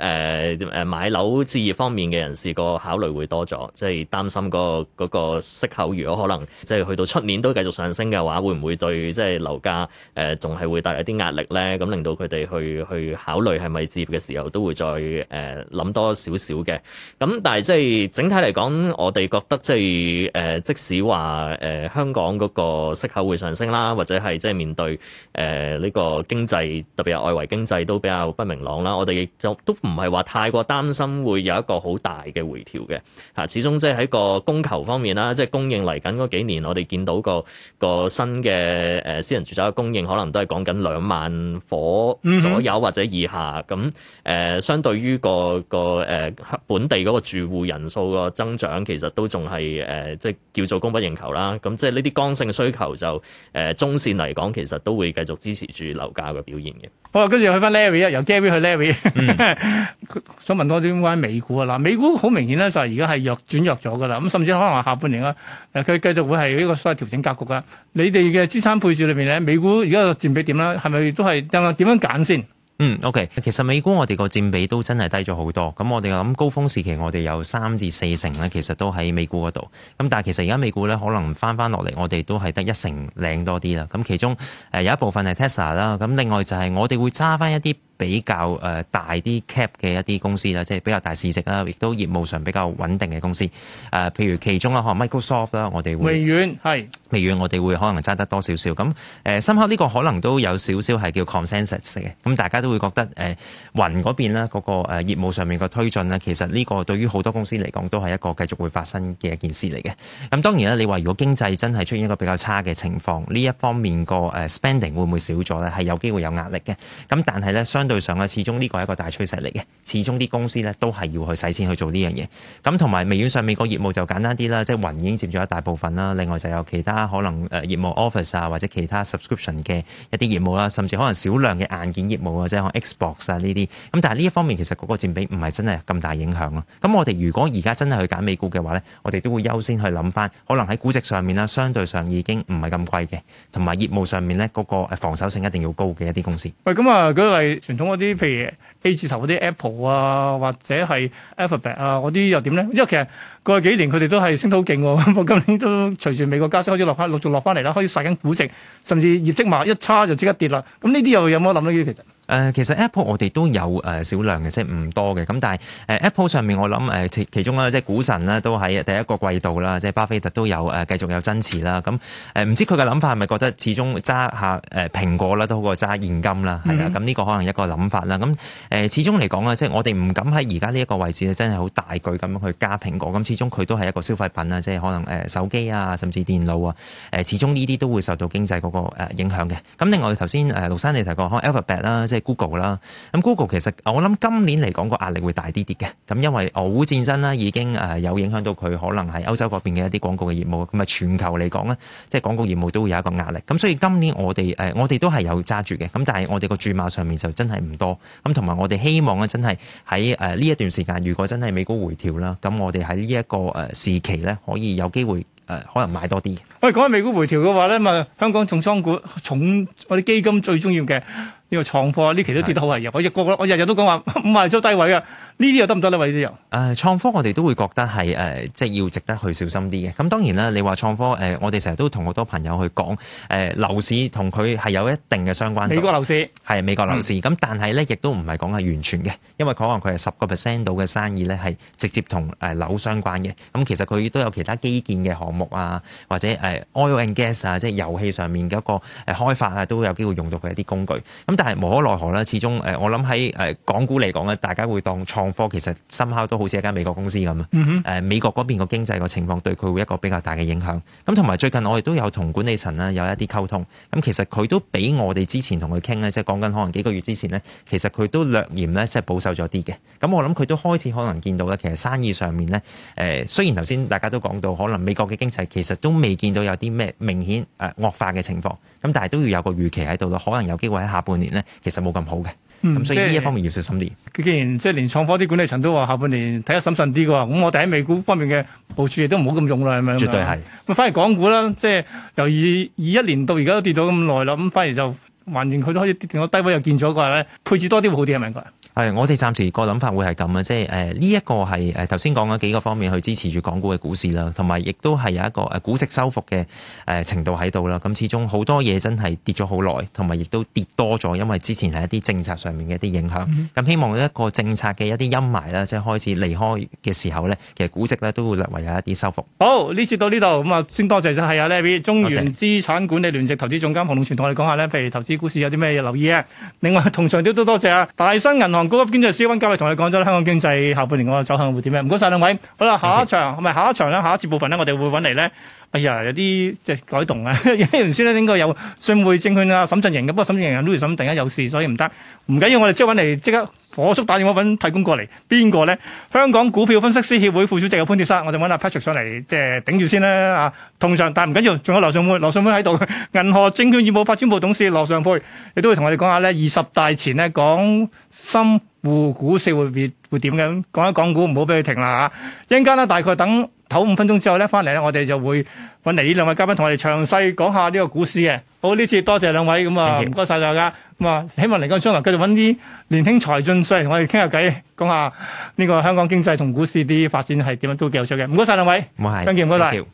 誒、呃、買樓置業方面嘅人士個考慮會多咗，即係擔心嗰個嗰個息口如果可能即係去到出年都繼續上升嘅話，會唔會對即係樓價誒仲係會帶嚟啲壓力咧，咁令到佢哋去去考慮係咪置業嘅時候，都會再誒諗、呃、多少少嘅。咁但係即係整體嚟講，我哋覺得即、係呃、即使話、呃、香港嗰個息口會上升啦，或者係即係面對誒呢、呃個經濟特別係外圍經濟都比較不明朗啦，我哋亦就都唔係話太過擔心會有一個好大嘅回調嘅。始終即係喺個供求方面啦，即、就、係、係、供應嚟緊嗰幾年，我哋見到個個新嘅私人住宅嘅供應，可能都係講緊兩萬伙左右或者以下咁，誒、呃，相對於個個誒本地嗰個住戶人數個增長，其實都仲係誒，即、呃、係叫做供不應求啦。咁、嗯、即係呢啲剛性嘅需求就誒、呃，中線嚟講，其實都會繼續支持住樓價嘅表現嘅。好跟住去翻 Larry 啊，由 Gary 去 Larry，、嗯、 想問多啲關於美股啊嗱，美股好明顯咧，就係而家係弱轉弱咗噶啦。咁甚至可能話下半年啦、啊，誒、呃，佢繼續會係一個所謂調整格局噶。你哋嘅資產配置裏邊咧，美股而家個佔比點啦？係咪？都、嗯、係，點樣揀先？嗯，OK，其實美股我哋個佔比都真係低咗好多。咁我哋諗高峰時期我哋有三至四成咧，其實都喺美股嗰度。咁但係其實而家美股咧，可能翻翻落嚟，我哋都係得一成靚多啲啦。咁其中誒有一部分係 Tesla 啦。咁另外就係我哋會揸翻一啲。比較大啲 cap 嘅一啲公司啦，即係比較大市值啦，亦都業務上比較穩定嘅公司，呃。譬如其中啦，可能 Microsoft 啦，我哋會微軟係微軟，微軟我哋會可能爭得多少少。咁、呃、深刻呢個可能都有少少係叫 consensus 嘅。咁大家都會覺得誒、呃、雲嗰邊啦，嗰、嗰個誒業務上面嘅推進啦，其實呢個對於好多公司嚟講都係一個繼續會發生嘅一件事嚟嘅。咁當然啦，你話如果經濟真係出現一個比較差嘅情況，呢一方面個 spending 會唔會少咗呢？係有機會有壓力嘅。咁但係咧相對。對上嘅，始終呢個係一個大趨勢嚟嘅。始終啲公司咧都係要去使錢去做呢樣嘢。咁同埋微軟上面個業務就簡單啲啦，即係雲已經佔咗一大部分啦。另外就有其他可能誒業務 Office 啊，或者其他 subscription 嘅一啲業務啦，甚至可能少量嘅硬件業務啊，即係 Xbox 啊呢啲。咁但係呢一方面其實嗰個佔比唔係真係咁大影響咯。咁我哋如果而家真係去揀美股嘅話咧，我哋都會優先去諗翻可能喺估值上面啦，相對上已經唔係咁貴嘅，同埋業務上面咧嗰個防守性一定要高嘅一啲公司。唔係咁啊，舉個例，傳統。咁嗰啲譬如 A 字頭嗰啲 Apple 啊，或者係 Alphabet 啊，嗰啲又點咧？因為其實過去幾年佢哋都係升得好勁喎，咁今年都隨住美國加息開始落翻，陸續落翻嚟啦，開始殺緊股值，甚至業績嘛一差就即刻跌啦。咁呢啲又有冇諗到呢啲其實？誒其實 Apple 我哋都有少量嘅，即係唔多嘅。咁但係 Apple 上面我諗其中咧，即係股神啦，都喺第一個季度啦，即係巴菲特都有誒繼續有增持啦。咁唔知佢嘅諗法係咪覺得始終揸下誒蘋果啦都好過揸現金啦，係、嗯、啊。咁呢、這個可能一個諗法啦。咁始終嚟講啦，即係我哋唔敢喺而家呢一個位置，真係好大舉咁去加蘋果。咁始終佢都係一個消費品啦，即係可能手機啊，甚至電腦啊，始終呢啲都會受到經濟嗰個影響嘅。咁另外頭先誒陸生你提過可能 Alphabet 啦，即 Google 啦，咁 Google 其實我諗今年嚟講個壓力會大啲啲嘅，咁因為俄烏戰爭啦，已經誒有影響到佢可能喺歐洲嗰邊嘅一啲廣告嘅業務，咁啊全球嚟講咧，即係廣告業務都會有一個壓力。咁所以今年我哋誒，我哋都係有揸住嘅，咁但係我哋個注碼上面就真係唔多。咁同埋我哋希望咧，真係喺誒呢一段時間，如果真係美股回調啦，咁我哋喺呢一個誒時期咧，可以有機會誒可能買多啲。喂，講下美股回調嘅話咧，香港重倉股重，我哋基金最重要嘅。呢、這個創科呢期都跌得好為我日個我日日都講話唔係做低位啊。呢 啲又得唔得呢？位啲油？誒、呃，創科我哋都會覺得係誒、呃，即係要值得去小心啲嘅。咁當然啦，你話創科誒、呃，我哋成日都同好多朋友去講誒樓市同佢係有一定嘅相關。美國樓市係美國樓市，咁、嗯、但係咧亦都唔係講係完全嘅，因為可能佢係十個 percent 度嘅生意咧係直接同誒樓相關嘅。咁其實佢都有其他基建嘅項目啊，或者誒、呃、oil and gas 啊，即係油氣上面嘅一個誒開發啊，都有機會用到佢一啲工具。咁但係無可奈何啦，始終誒，我諗喺誒港股嚟講咧，大家會當創科其實參考都好似一間美國公司咁誒、嗯，美國嗰邊個經濟個情況對佢會有一個比較大嘅影響。咁同埋最近我哋都有同管理層咧有一啲溝通。咁其實佢都比我哋之前同佢傾咧，即係講緊可能幾個月之前呢，其實佢都略嫌咧，即係保守咗啲嘅。咁我諗佢都開始可能見到咧，其實生意上面咧，誒雖然頭先大家都講到，可能美國嘅經濟其實都未見到有啲咩明顯誒惡化嘅情況，咁但係都要有個預期喺度咯，可能有機會喺下半年。咧，其實冇咁好嘅，咁、嗯、所以呢一方面要小心啲。佢既然即係連創科啲管理層都話下半年睇得謹慎啲嘅話，咁我哋喺美股方面嘅部署亦都唔好咁用啦，係咪？絕對係。咁反而港股啦，即係由二二一年到而家都跌到咁耐啦，咁反而就還原佢都可以跌到低位又見咗嘅話咧，配置多啲會好啲係咪？係，我哋暫時個諗法會係咁啊，即係誒呢一個係誒頭先講咗幾個方面去支持住港股嘅股市啦，同埋亦都係有一個誒估值收復嘅誒程度喺度啦。咁始終好多嘢真係跌咗好耐，同埋亦都跌多咗，因為之前係一啲政策上面嘅一啲影響。咁、嗯、希望一個政策嘅一啲陰霾啦，即係開始離開嘅時候咧，其實估值咧都會略為有一啲收復。好，呢次到呢度咁啊，先多謝晒。係啊，呢邊中原資產管理聯席投資總監洪龍荃同我哋講下咧，譬如投資股市有啲咩嘢留意啊。另外同場都多謝啊，大新銀行。嗰個經濟師溫嘉煒同你講咗啦，香港經濟下半年嘅走向會點樣？唔該晒兩位，好啦，下一場係咪下一場咧？下一節部分咧，我哋會揾嚟咧。哎呀，有啲即係改動啊！原先咧應該有信匯證券啊，沈振盈嘅，不過沈振盈人都要審定，突然間有事，所以唔得。唔緊要，我哋即刻揾嚟，即刻。火速打電話揾提供過嚟，邊個咧？香港股票分析師協會副主席嘅潘鐵生，我就揾阿 Patrick 上嚟，即、呃、係頂住先啦，啊！通常但係唔緊要，仲有羅尚佩、羅尚佩喺度，銀河證券業務發展部董事羅尚佩，你都會同我哋講下咧二十大前咧，講深滬股市會會點嘅？講一講股，唔好俾佢停啦嚇！一陣間咧，大概等唞五分鐘之後咧，翻嚟咧，我哋就會揾嚟呢兩位嘉賓同我哋詳細講下呢個股市嘅。好，呢次多謝兩位，咁啊唔該晒大家，咁啊希望嚟緊將來繼續揾啲年輕才俊出嚟同我哋傾下偈，講下呢個香港經濟同股市啲發展係點樣都幾有趣嘅。唔該晒兩位，唔該，Thank you，唔該晒。